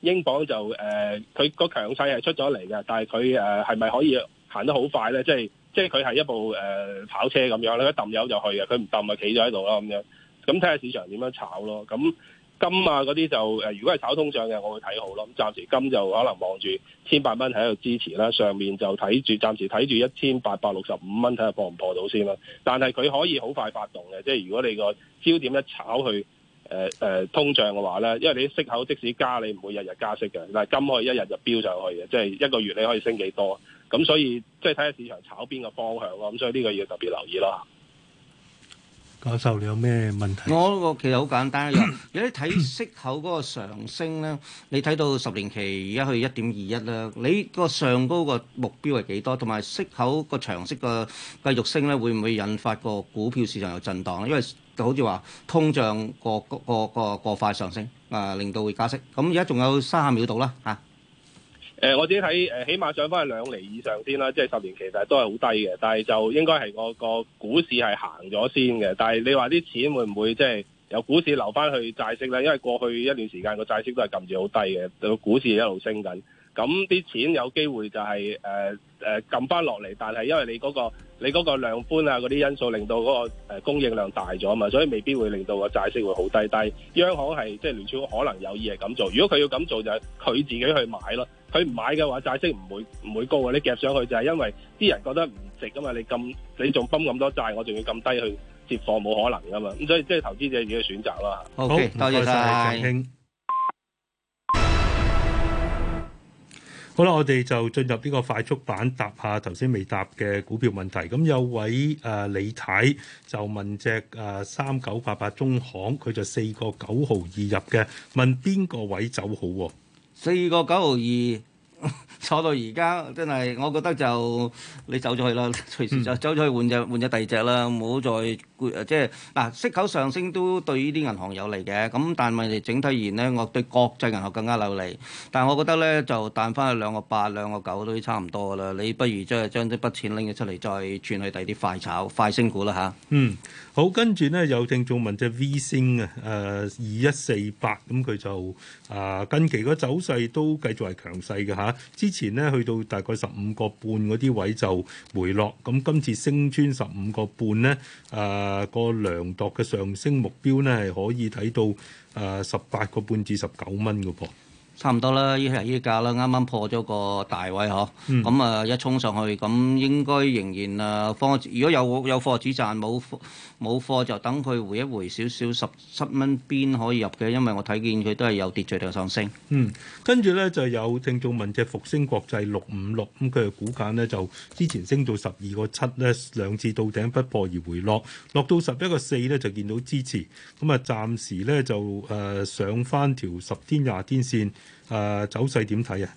英鎊就誒，佢個強勢係出咗嚟嘅，但係佢誒係咪可以行得好快咧？即係即係佢係一部誒、呃、跑車咁樣咧，一抌油就去嘅，佢唔抌咪企咗喺度咯咁樣。咁睇下市場點樣炒咯。咁。金啊嗰啲就誒、呃，如果係炒通脹嘅，我會睇好咯。咁、嗯、暫時金就可能望住千八蚊喺度支持啦，上面就睇住暫時睇住一千八百六十五蚊睇下破唔破到先啦。但係佢可以好快發動嘅，即係如果你個焦點一炒去誒誒、呃呃、通脹嘅話咧，因為你息口即使加你唔會日日加息嘅，但係金可以一日就飆上去嘅，即係一個月你可以升幾多。咁所以即係睇下市場炒邊個方向咯。咁所以呢個要特別留意咯。教授，你有咩問題？我個其實好簡單，有啲睇息口嗰個上升咧， 你睇到十年期而家去一點二一啦。你個上高個目標係幾多？同埋息口個長息個繼續升咧，會唔會引發個股票市場有震盪咧？因為就好似話通脹個個個過快上升，誒、呃、令到會加息。咁而家仲有三十秒到啦，嚇、啊！誒、呃，我自己睇誒，起碼上翻係兩厘以上先啦，即係十年期，其實都係好低嘅。但係就應該係個個股市係行咗先嘅。但係你話啲錢會唔會即係由股市流翻去債息咧？因為過去一段時間個債息都係撳住好低嘅，個股市一路升緊。咁、嗯、啲錢有機會就係誒誒撳翻落嚟，但係因為你嗰、那個。你嗰個量寬啊，嗰啲因素令到嗰、那個、呃、供應量大咗啊嘛，所以未必會令到個債息會好低。低。央行係即係聯儲可能有意係咁做，如果佢要咁做就佢、係、自己去買咯。佢唔買嘅話，債息唔會唔會高嘅。你夾上去就係因為啲人覺得唔值啊嘛。你咁你仲泵咁多債，我仲要咁低去接貨，冇可能噶嘛。咁所以即係投資者自己嘅選擇咯。Okay, 好，多謝晒。好啦，我哋就進入呢個快速版，答下頭先未答嘅股票問題。咁有位誒、呃、李太就問隻誒三九八八中行，佢就四個九毫二入嘅，問邊個位走好喎、啊？四個九毫二。坐到而家真係，我覺得就你走咗去啦，隨時就走咗去換隻換隻第二隻啦，唔好再誒即係嗱息口上升都對呢啲銀行有利嘅，咁但係整體而言呢，我對國際銀行更加有利。但係我覺得呢，就彈翻去兩個八兩個九都差唔多啦，你不如即係將啲筆錢拎咗出嚟，再轉去第二啲快炒快升股啦嚇。嗯。好，跟住呢，有聽眾問隻 V 星啊，誒二一四八，咁佢就啊、呃、近期個走勢都繼續係強勢嘅吓，之前呢，去到大概十五個半嗰啲位就回落，咁今次升穿十五個半呢，誒、呃那個量度嘅上升目標呢，係可以睇到誒十八個半至十九蚊嘅噃。差唔多啦，依係依價啦，啱啱破咗個大位嗬，咁啊、嗯、一衝上去，咁應該仍然啊方，如果有有貨止賺冇。冇貨就等佢回一回，少少十七蚊邊可以入嘅，因為我睇見佢都係有跌再度上升。嗯，跟住咧就有聽眾問隻復星國際六五六，咁佢嘅股價咧就之前升到十二個七咧，兩次到頂不破而回落，落到十一個四咧就見到支持。咁啊暫時咧就誒、呃、上返條十天廿天線誒、呃、走勢點睇啊？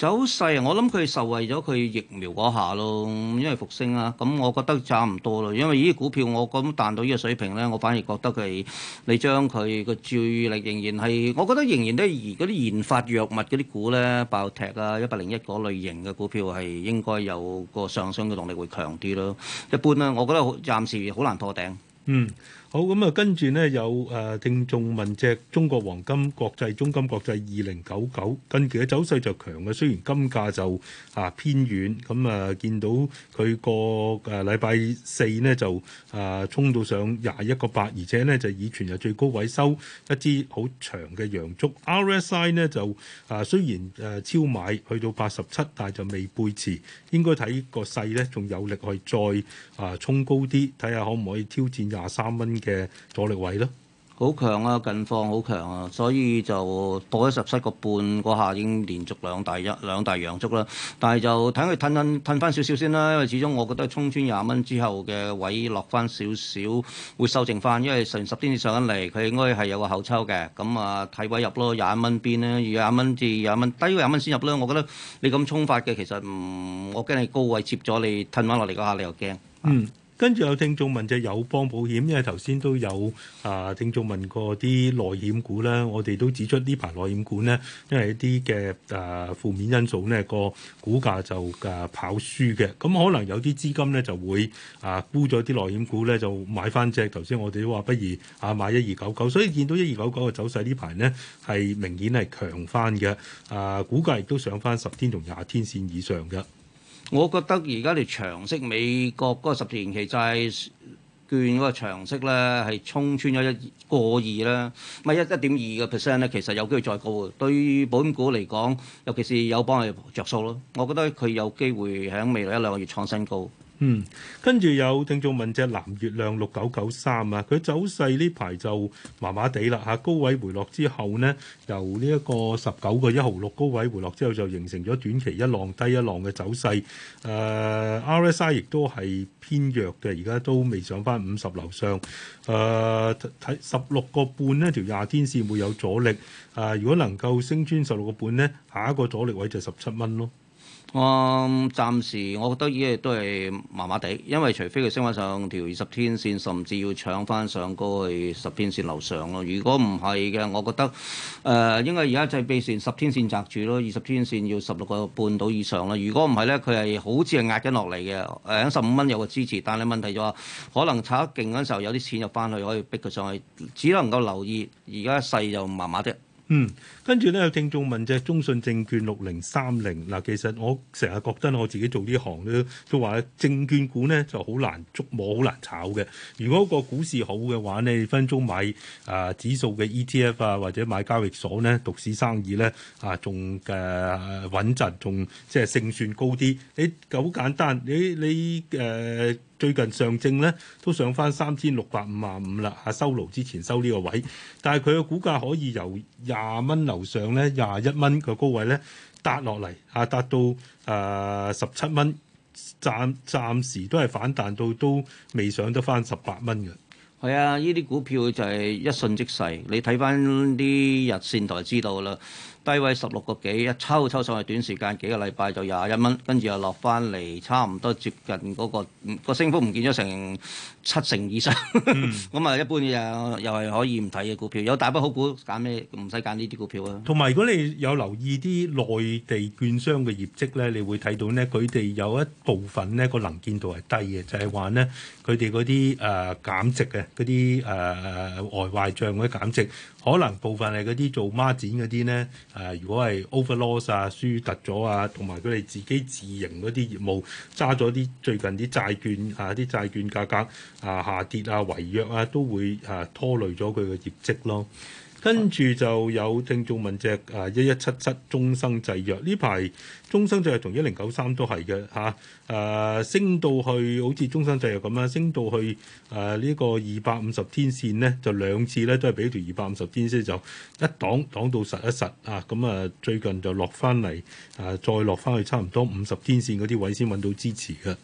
走勢啊，我諗佢受惠咗佢疫苗嗰下咯，因為復星啦、啊。咁我覺得差唔多咯，因為呢啲股票我咁彈到呢個水平咧，我反而覺得佢你將佢個注意力仍然係，我覺得仍然都係嗰啲研發藥物嗰啲股咧爆踢啊，一百零一個類型嘅股票係應該有個上升嘅動力會強啲咯。一般咧，我覺得好暫時好難破頂。嗯。好咁啊、嗯，跟住咧有誒、呃、聽眾問隻中國黃金國際中金國際二零九九近期嘅走勢就強嘅，雖然金價就啊偏遠，咁啊見到佢個誒禮、啊、拜四咧就啊衝到上廿一個八，而且咧就以全日最高位收一支好長嘅陽燭 RSI 咧就啊雖然誒、啊、超買去到八十七，但係就未背馳，應該睇個勢咧仲有力去再啊衝高啲，睇下可唔可以挑戰廿三蚊。嘅阻力位咯，好強啊！近況好強啊，所以就到咗十七個半嗰下，已經連續兩大一兩大陽燭啦。但係就睇佢褪緊褪翻少少先啦，因為始終我覺得衝穿廿蚊之後嘅位落翻少少，會收靜翻。因為成十天上緊嚟，佢應該係有個口抽嘅。咁啊，睇位入咯，廿一蚊邊咧，二廿蚊至廿蚊低於廿蚊先入啦。我覺得你咁衝發嘅，其實唔、嗯，我驚你高位接咗你褪翻落嚟嗰下，你又驚。嗯。跟住有聽眾問隻友邦保險，因為頭先都有啊、呃、聽眾問過啲內險股啦，我哋都指出內呢排內險股咧，因為一啲嘅啊負面因素咧，個股價就啊、呃、跑輸嘅，咁、嗯、可能有啲資金咧就會啊、呃、沽咗啲內險股咧就買翻隻，頭先我哋都話不如啊買一二九九，所以見到一二九九嘅走勢呢排咧係明顯係強翻嘅，啊股價亦都上翻十天同廿天線以上嘅。我覺得而家條長息美國嗰個十年期債券嗰個長息咧，係衝穿咗一個二啦，咪一一點二個 percent 咧，其實有機會再高啊！對於保險股嚟講，尤其是友邦佢着數咯，我覺得佢有機會喺未來一兩個月創新高。嗯，跟住有聽眾問隻藍月亮六九九三啊，佢走勢呢排就麻麻地啦嚇，高位回落之後呢，由呢一個十九個一毫六高位回落之後，就形成咗短期一浪低一浪嘅走勢。誒、呃、RSI 亦都係偏弱嘅，而家都未上返五十樓上。誒，睇十六個半呢條廿天線會有阻力。誒、呃、如果能夠升穿十六個半呢，下一個阻力位就十七蚊咯。我、嗯、暫時我覺得依家都係麻麻地，因為除非佢升翻上條二十天線，甚至要搶翻上高去十天線樓上咯。如果唔係嘅，我覺得誒，應該而家就係背線十天線擲住咯，二十天線要十六個半到以上咯。如果唔係咧，佢係好似係壓緊落嚟嘅，喺十五蚊有個支持，但係問題就話可能炒得勁嗰陣時候有啲錢入翻去可以逼佢上去，只能夠留意而家勢就麻麻地。嗯，跟住咧有聽眾問就係中信證券六零三零嗱，其實我成日覺得我自己做呢行咧，都話證券股咧就好難捉摸，好難炒嘅。如果個股市好嘅話咧，分分鐘買啊、呃、指數嘅 ETF 啊，或者買交易所咧，獨市生意咧啊，仲嘅、呃、穩陣，仲即係勝算高啲。你好簡單，你你誒。呃最近上證咧都上翻三千六百五萬五啦，啊收爐之前收呢個位，但係佢嘅股價可以由廿蚊樓上咧廿一蚊個高位咧，跌落嚟啊，跌到誒十七蚊，暫暫時都係反彈到都未上得翻十八蚊嘅。係啊，呢啲股票就係一瞬即逝，你睇翻啲日線圖就知道啦。低位十六個幾一抽抽上去，短時間幾個禮拜就廿一蚊，跟住又落翻嚟，差唔多接近嗰、嗰個嗰個升幅唔見咗成七成以上。咁啊、嗯， 一般又又係可以唔睇嘅股票。有大筆好股，揀咩？唔使揀呢啲股票啊。同埋如果你有留意啲內地券商嘅業績咧，你會睇到咧，佢哋有一部分咧個能見度係低嘅，就係話咧佢哋嗰啲誒減值嘅嗰啲誒壞賬嗰啲減值。可能部分係嗰啲做孖展嗰啲咧，誒、呃、如果係 over loss 啊、輸突咗啊，同埋佢哋自己自營嗰啲業務揸咗啲最近啲債券啊、啲債券價格啊下跌啊、違約啊，都會誒、啊、拖累咗佢嘅業績咯。跟住就有聽眾問隻啊一一七七中生製藥呢排中生製藥同一零九三都係嘅嚇誒升到去好似中生製藥咁樣，升到去誒呢、啊這個二百五十天線咧，就兩次咧都係俾條二百五十天線就一擋擋到實一實啊。咁啊，最近就落翻嚟誒，再落翻去差唔多五十天線嗰啲位先揾到支持嘅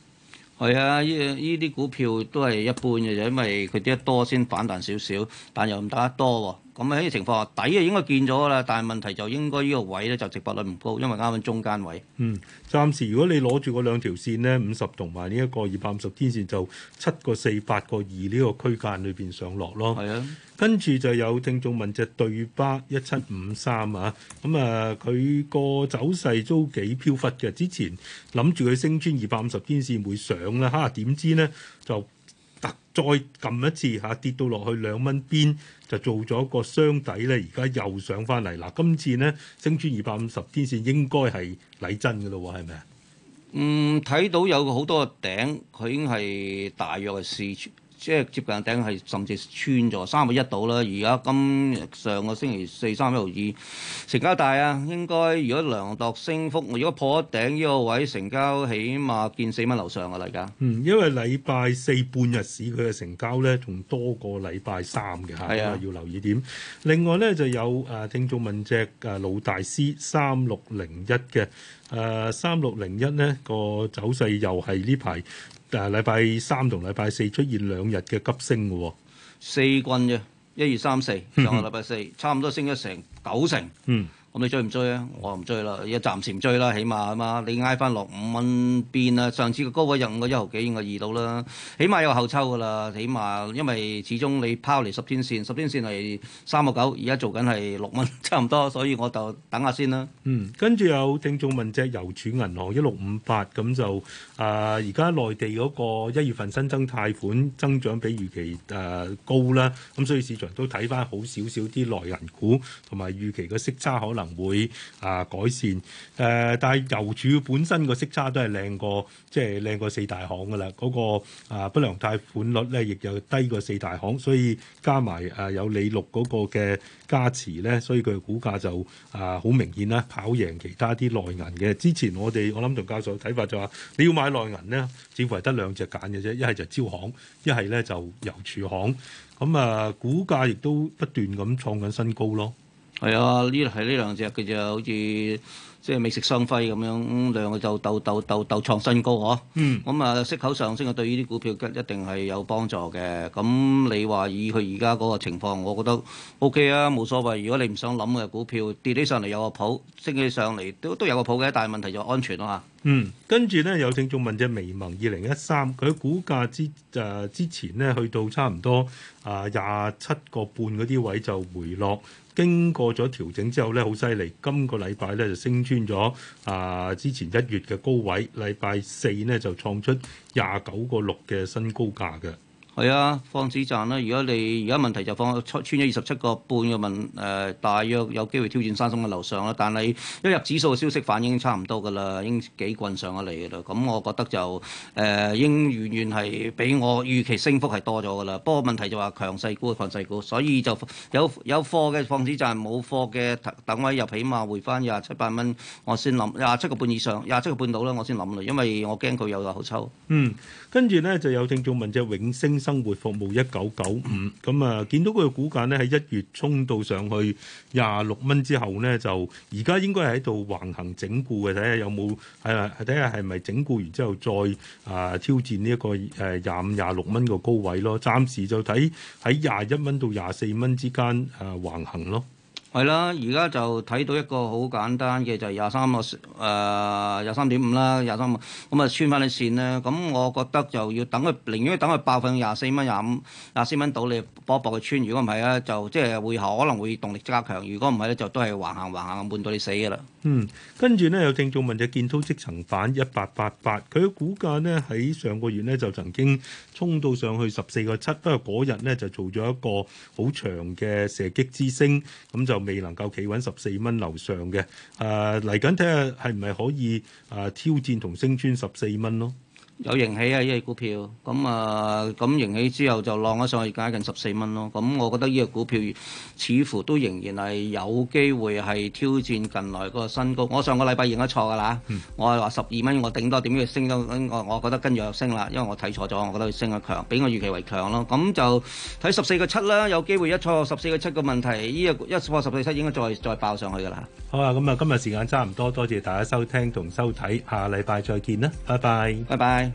係啊。呢依啲股票都係一般嘅，就因為佢跌得多先反彈少少，但又唔打得多喎。咁喺呢啲情況，底啊應該見咗啦，但係問題就應該呢個位咧就值博率唔高，因為啱啱中間位。嗯，暫時如果你攞住嗰兩條線咧，五十同埋呢一個二百五十天線，就七個四、八個二呢個區間裏邊上落咯。係啊，跟住就有聽眾問隻對吧一七五三啊，咁啊佢個走勢都幾飄忽嘅。之前諗住佢升穿二百五十天線會上啦，嚇、啊、點知咧就～再撳一次嚇，下跌到落去兩蚊邊就做咗個箱底咧。而家又上翻嚟嗱，今次咧升穿二百五十天線應該係嚟真噶咯，係咪啊？嗯，睇到有好多個頂，佢已經係大約係四。即係接近頂係甚至穿咗三個一度啦，而家今日上個星期四三一毫二成交大啊！應該如果量度升幅，如果破咗頂呢個位，成交起碼見四蚊樓上啊！嚟緊。嗯，因為禮拜四半日市佢嘅成交咧，仲多過禮拜三嘅嚇，啊、要留意點。另外咧就有啊，聽眾問隻啊老大師三六零一嘅啊三六零一呢、呢個走勢又係呢排。但係禮拜三同禮拜四出現兩日嘅急升嘅喎，四棍啫，一二三四同埋禮拜四，嗯、哼差唔多升咗成九成。嗯咁你追唔追啊？我唔追啦，而家暫時唔追啦，起碼啊嘛。你挨翻落五蚊邊啊？上次嘅高位入五個一毫幾，我二到啦。起碼有後抽噶啦，起碼因為始終你拋嚟十天線，十天線係三個九，而家做緊係六蚊，差唔多，所以我就等下先啦。嗯，跟住有聽眾問隻郵儲銀行一六五八，咁就啊，而家內地嗰個一月份新增貸款增長比預期誒、呃、高啦，咁所以市場都睇翻好少少啲內銀股同埋預期嘅息差可能。唔會啊改善誒、呃，但係郵儲本身個息差都係靚過，即係靚過四大行噶啦。嗰、那個啊、呃、不良貸款率咧，亦有低過四大行，所以加埋啊、呃、有李錄嗰個嘅加持咧，所以佢嘅股價就啊好、呃、明顯啦，跑贏其他啲內銀嘅。之前我哋我諗同教授睇法就話，你要買內銀咧，似乎係得兩隻揀嘅啫，一係就招行，一係咧就郵儲行。咁、嗯、啊、呃，股價亦都不斷咁創緊新高咯。係啊，呢係呢兩隻佢就好似即係美食上飛咁樣，兩個就鬥鬥鬥鬥創新高嗬。嗯。咁啊，息口上升對呢啲股票一定係有幫助嘅。咁你話以佢而家嗰個情況，我覺得 OK 啊，冇所謂。如果你唔想諗嘅股票跌起上嚟有個譜，升起上嚟都都有個譜嘅，但係問題就安全啊嘛。嗯，跟住咧有聽眾問隻微盟二零一三，佢喺股價之誒之前咧去到差唔多啊廿七個半嗰啲位就回落，經過咗調整之後咧好犀利，今個禮拜咧就升穿咗啊、呃、之前一月嘅高位，禮拜四咧就創出廿九個六嘅新高價嘅。係啊，放止賺啦！如果你而家問題就放穿咗二十七個半嘅問誒，大約有機會挑戰三千嘅樓上啦。但係一入指數嘅消息反應差唔多㗎啦，已經幾棍上咗嚟㗎啦。咁我覺得就誒，已經遠遠係比我預期升幅係多咗㗎啦。不過問題就話強勢股、強勢股，所以就有有貨嘅放止賺，冇貨嘅等位入，起碼回翻廿七八蚊，我先諗廿七個半以上，廿七個半到啦，我先諗啦，因為我驚佢有又好抽。嗯，跟住咧就有聽眾問隻永星。生活服務一九九五咁啊，見到佢嘅股價呢，喺一月衝到上去廿六蚊之後呢，就而家應該係喺度橫行整固嘅，睇下有冇啊，睇下係咪整固完之後再啊挑戰呢一個誒廿五、廿六蚊個高位咯，暫時就睇喺廿一蚊到廿四蚊之間啊橫行咯。係啦，而家就睇到一個好簡單嘅就係廿三個，誒廿三點五啦，廿三蚊，咁啊穿翻你線咧。咁我覺得就要等佢，寧願等佢爆翻廿四蚊、廿五、廿四蚊到你搏一搏去穿。如果唔係咧，就即係會可能會動力加強。如果唔係咧，就都係橫行橫行咁悶到你死㗎啦。嗯，跟住咧有聽眾問就建滔積層板一八八八，佢嘅股價呢，喺上個月呢，就曾經衝到上去十四個七，不過嗰日呢，就做咗一個好長嘅射擊之星，咁就未能夠企穩十四蚊樓上嘅，誒嚟緊睇下係唔係可以誒、啊、挑戰同升穿十四蚊咯。有盈起啊！呢、這、隻、個、股票咁、嗯、啊，咁盈起之後就浪咗上去，而家近十四蚊咯。咁、嗯、我覺得呢隻股票似乎都仍然係有機會係挑戰近來個新高。我上個禮拜應該錯㗎啦，嗯、我係話十二蚊，我頂多點要升到，我我覺得跟住又升啦，因為我睇錯咗，我覺得佢升得強，比我預期為強咯。咁、嗯、就睇十四個七啦，有機會一錯十四個七嘅問題，呢個一錯十四七應該再再爆上去㗎啦。好啊，咁、嗯、啊，今日時間差唔多，多謝大家收聽同收睇，下禮拜再見啦，拜拜，拜拜。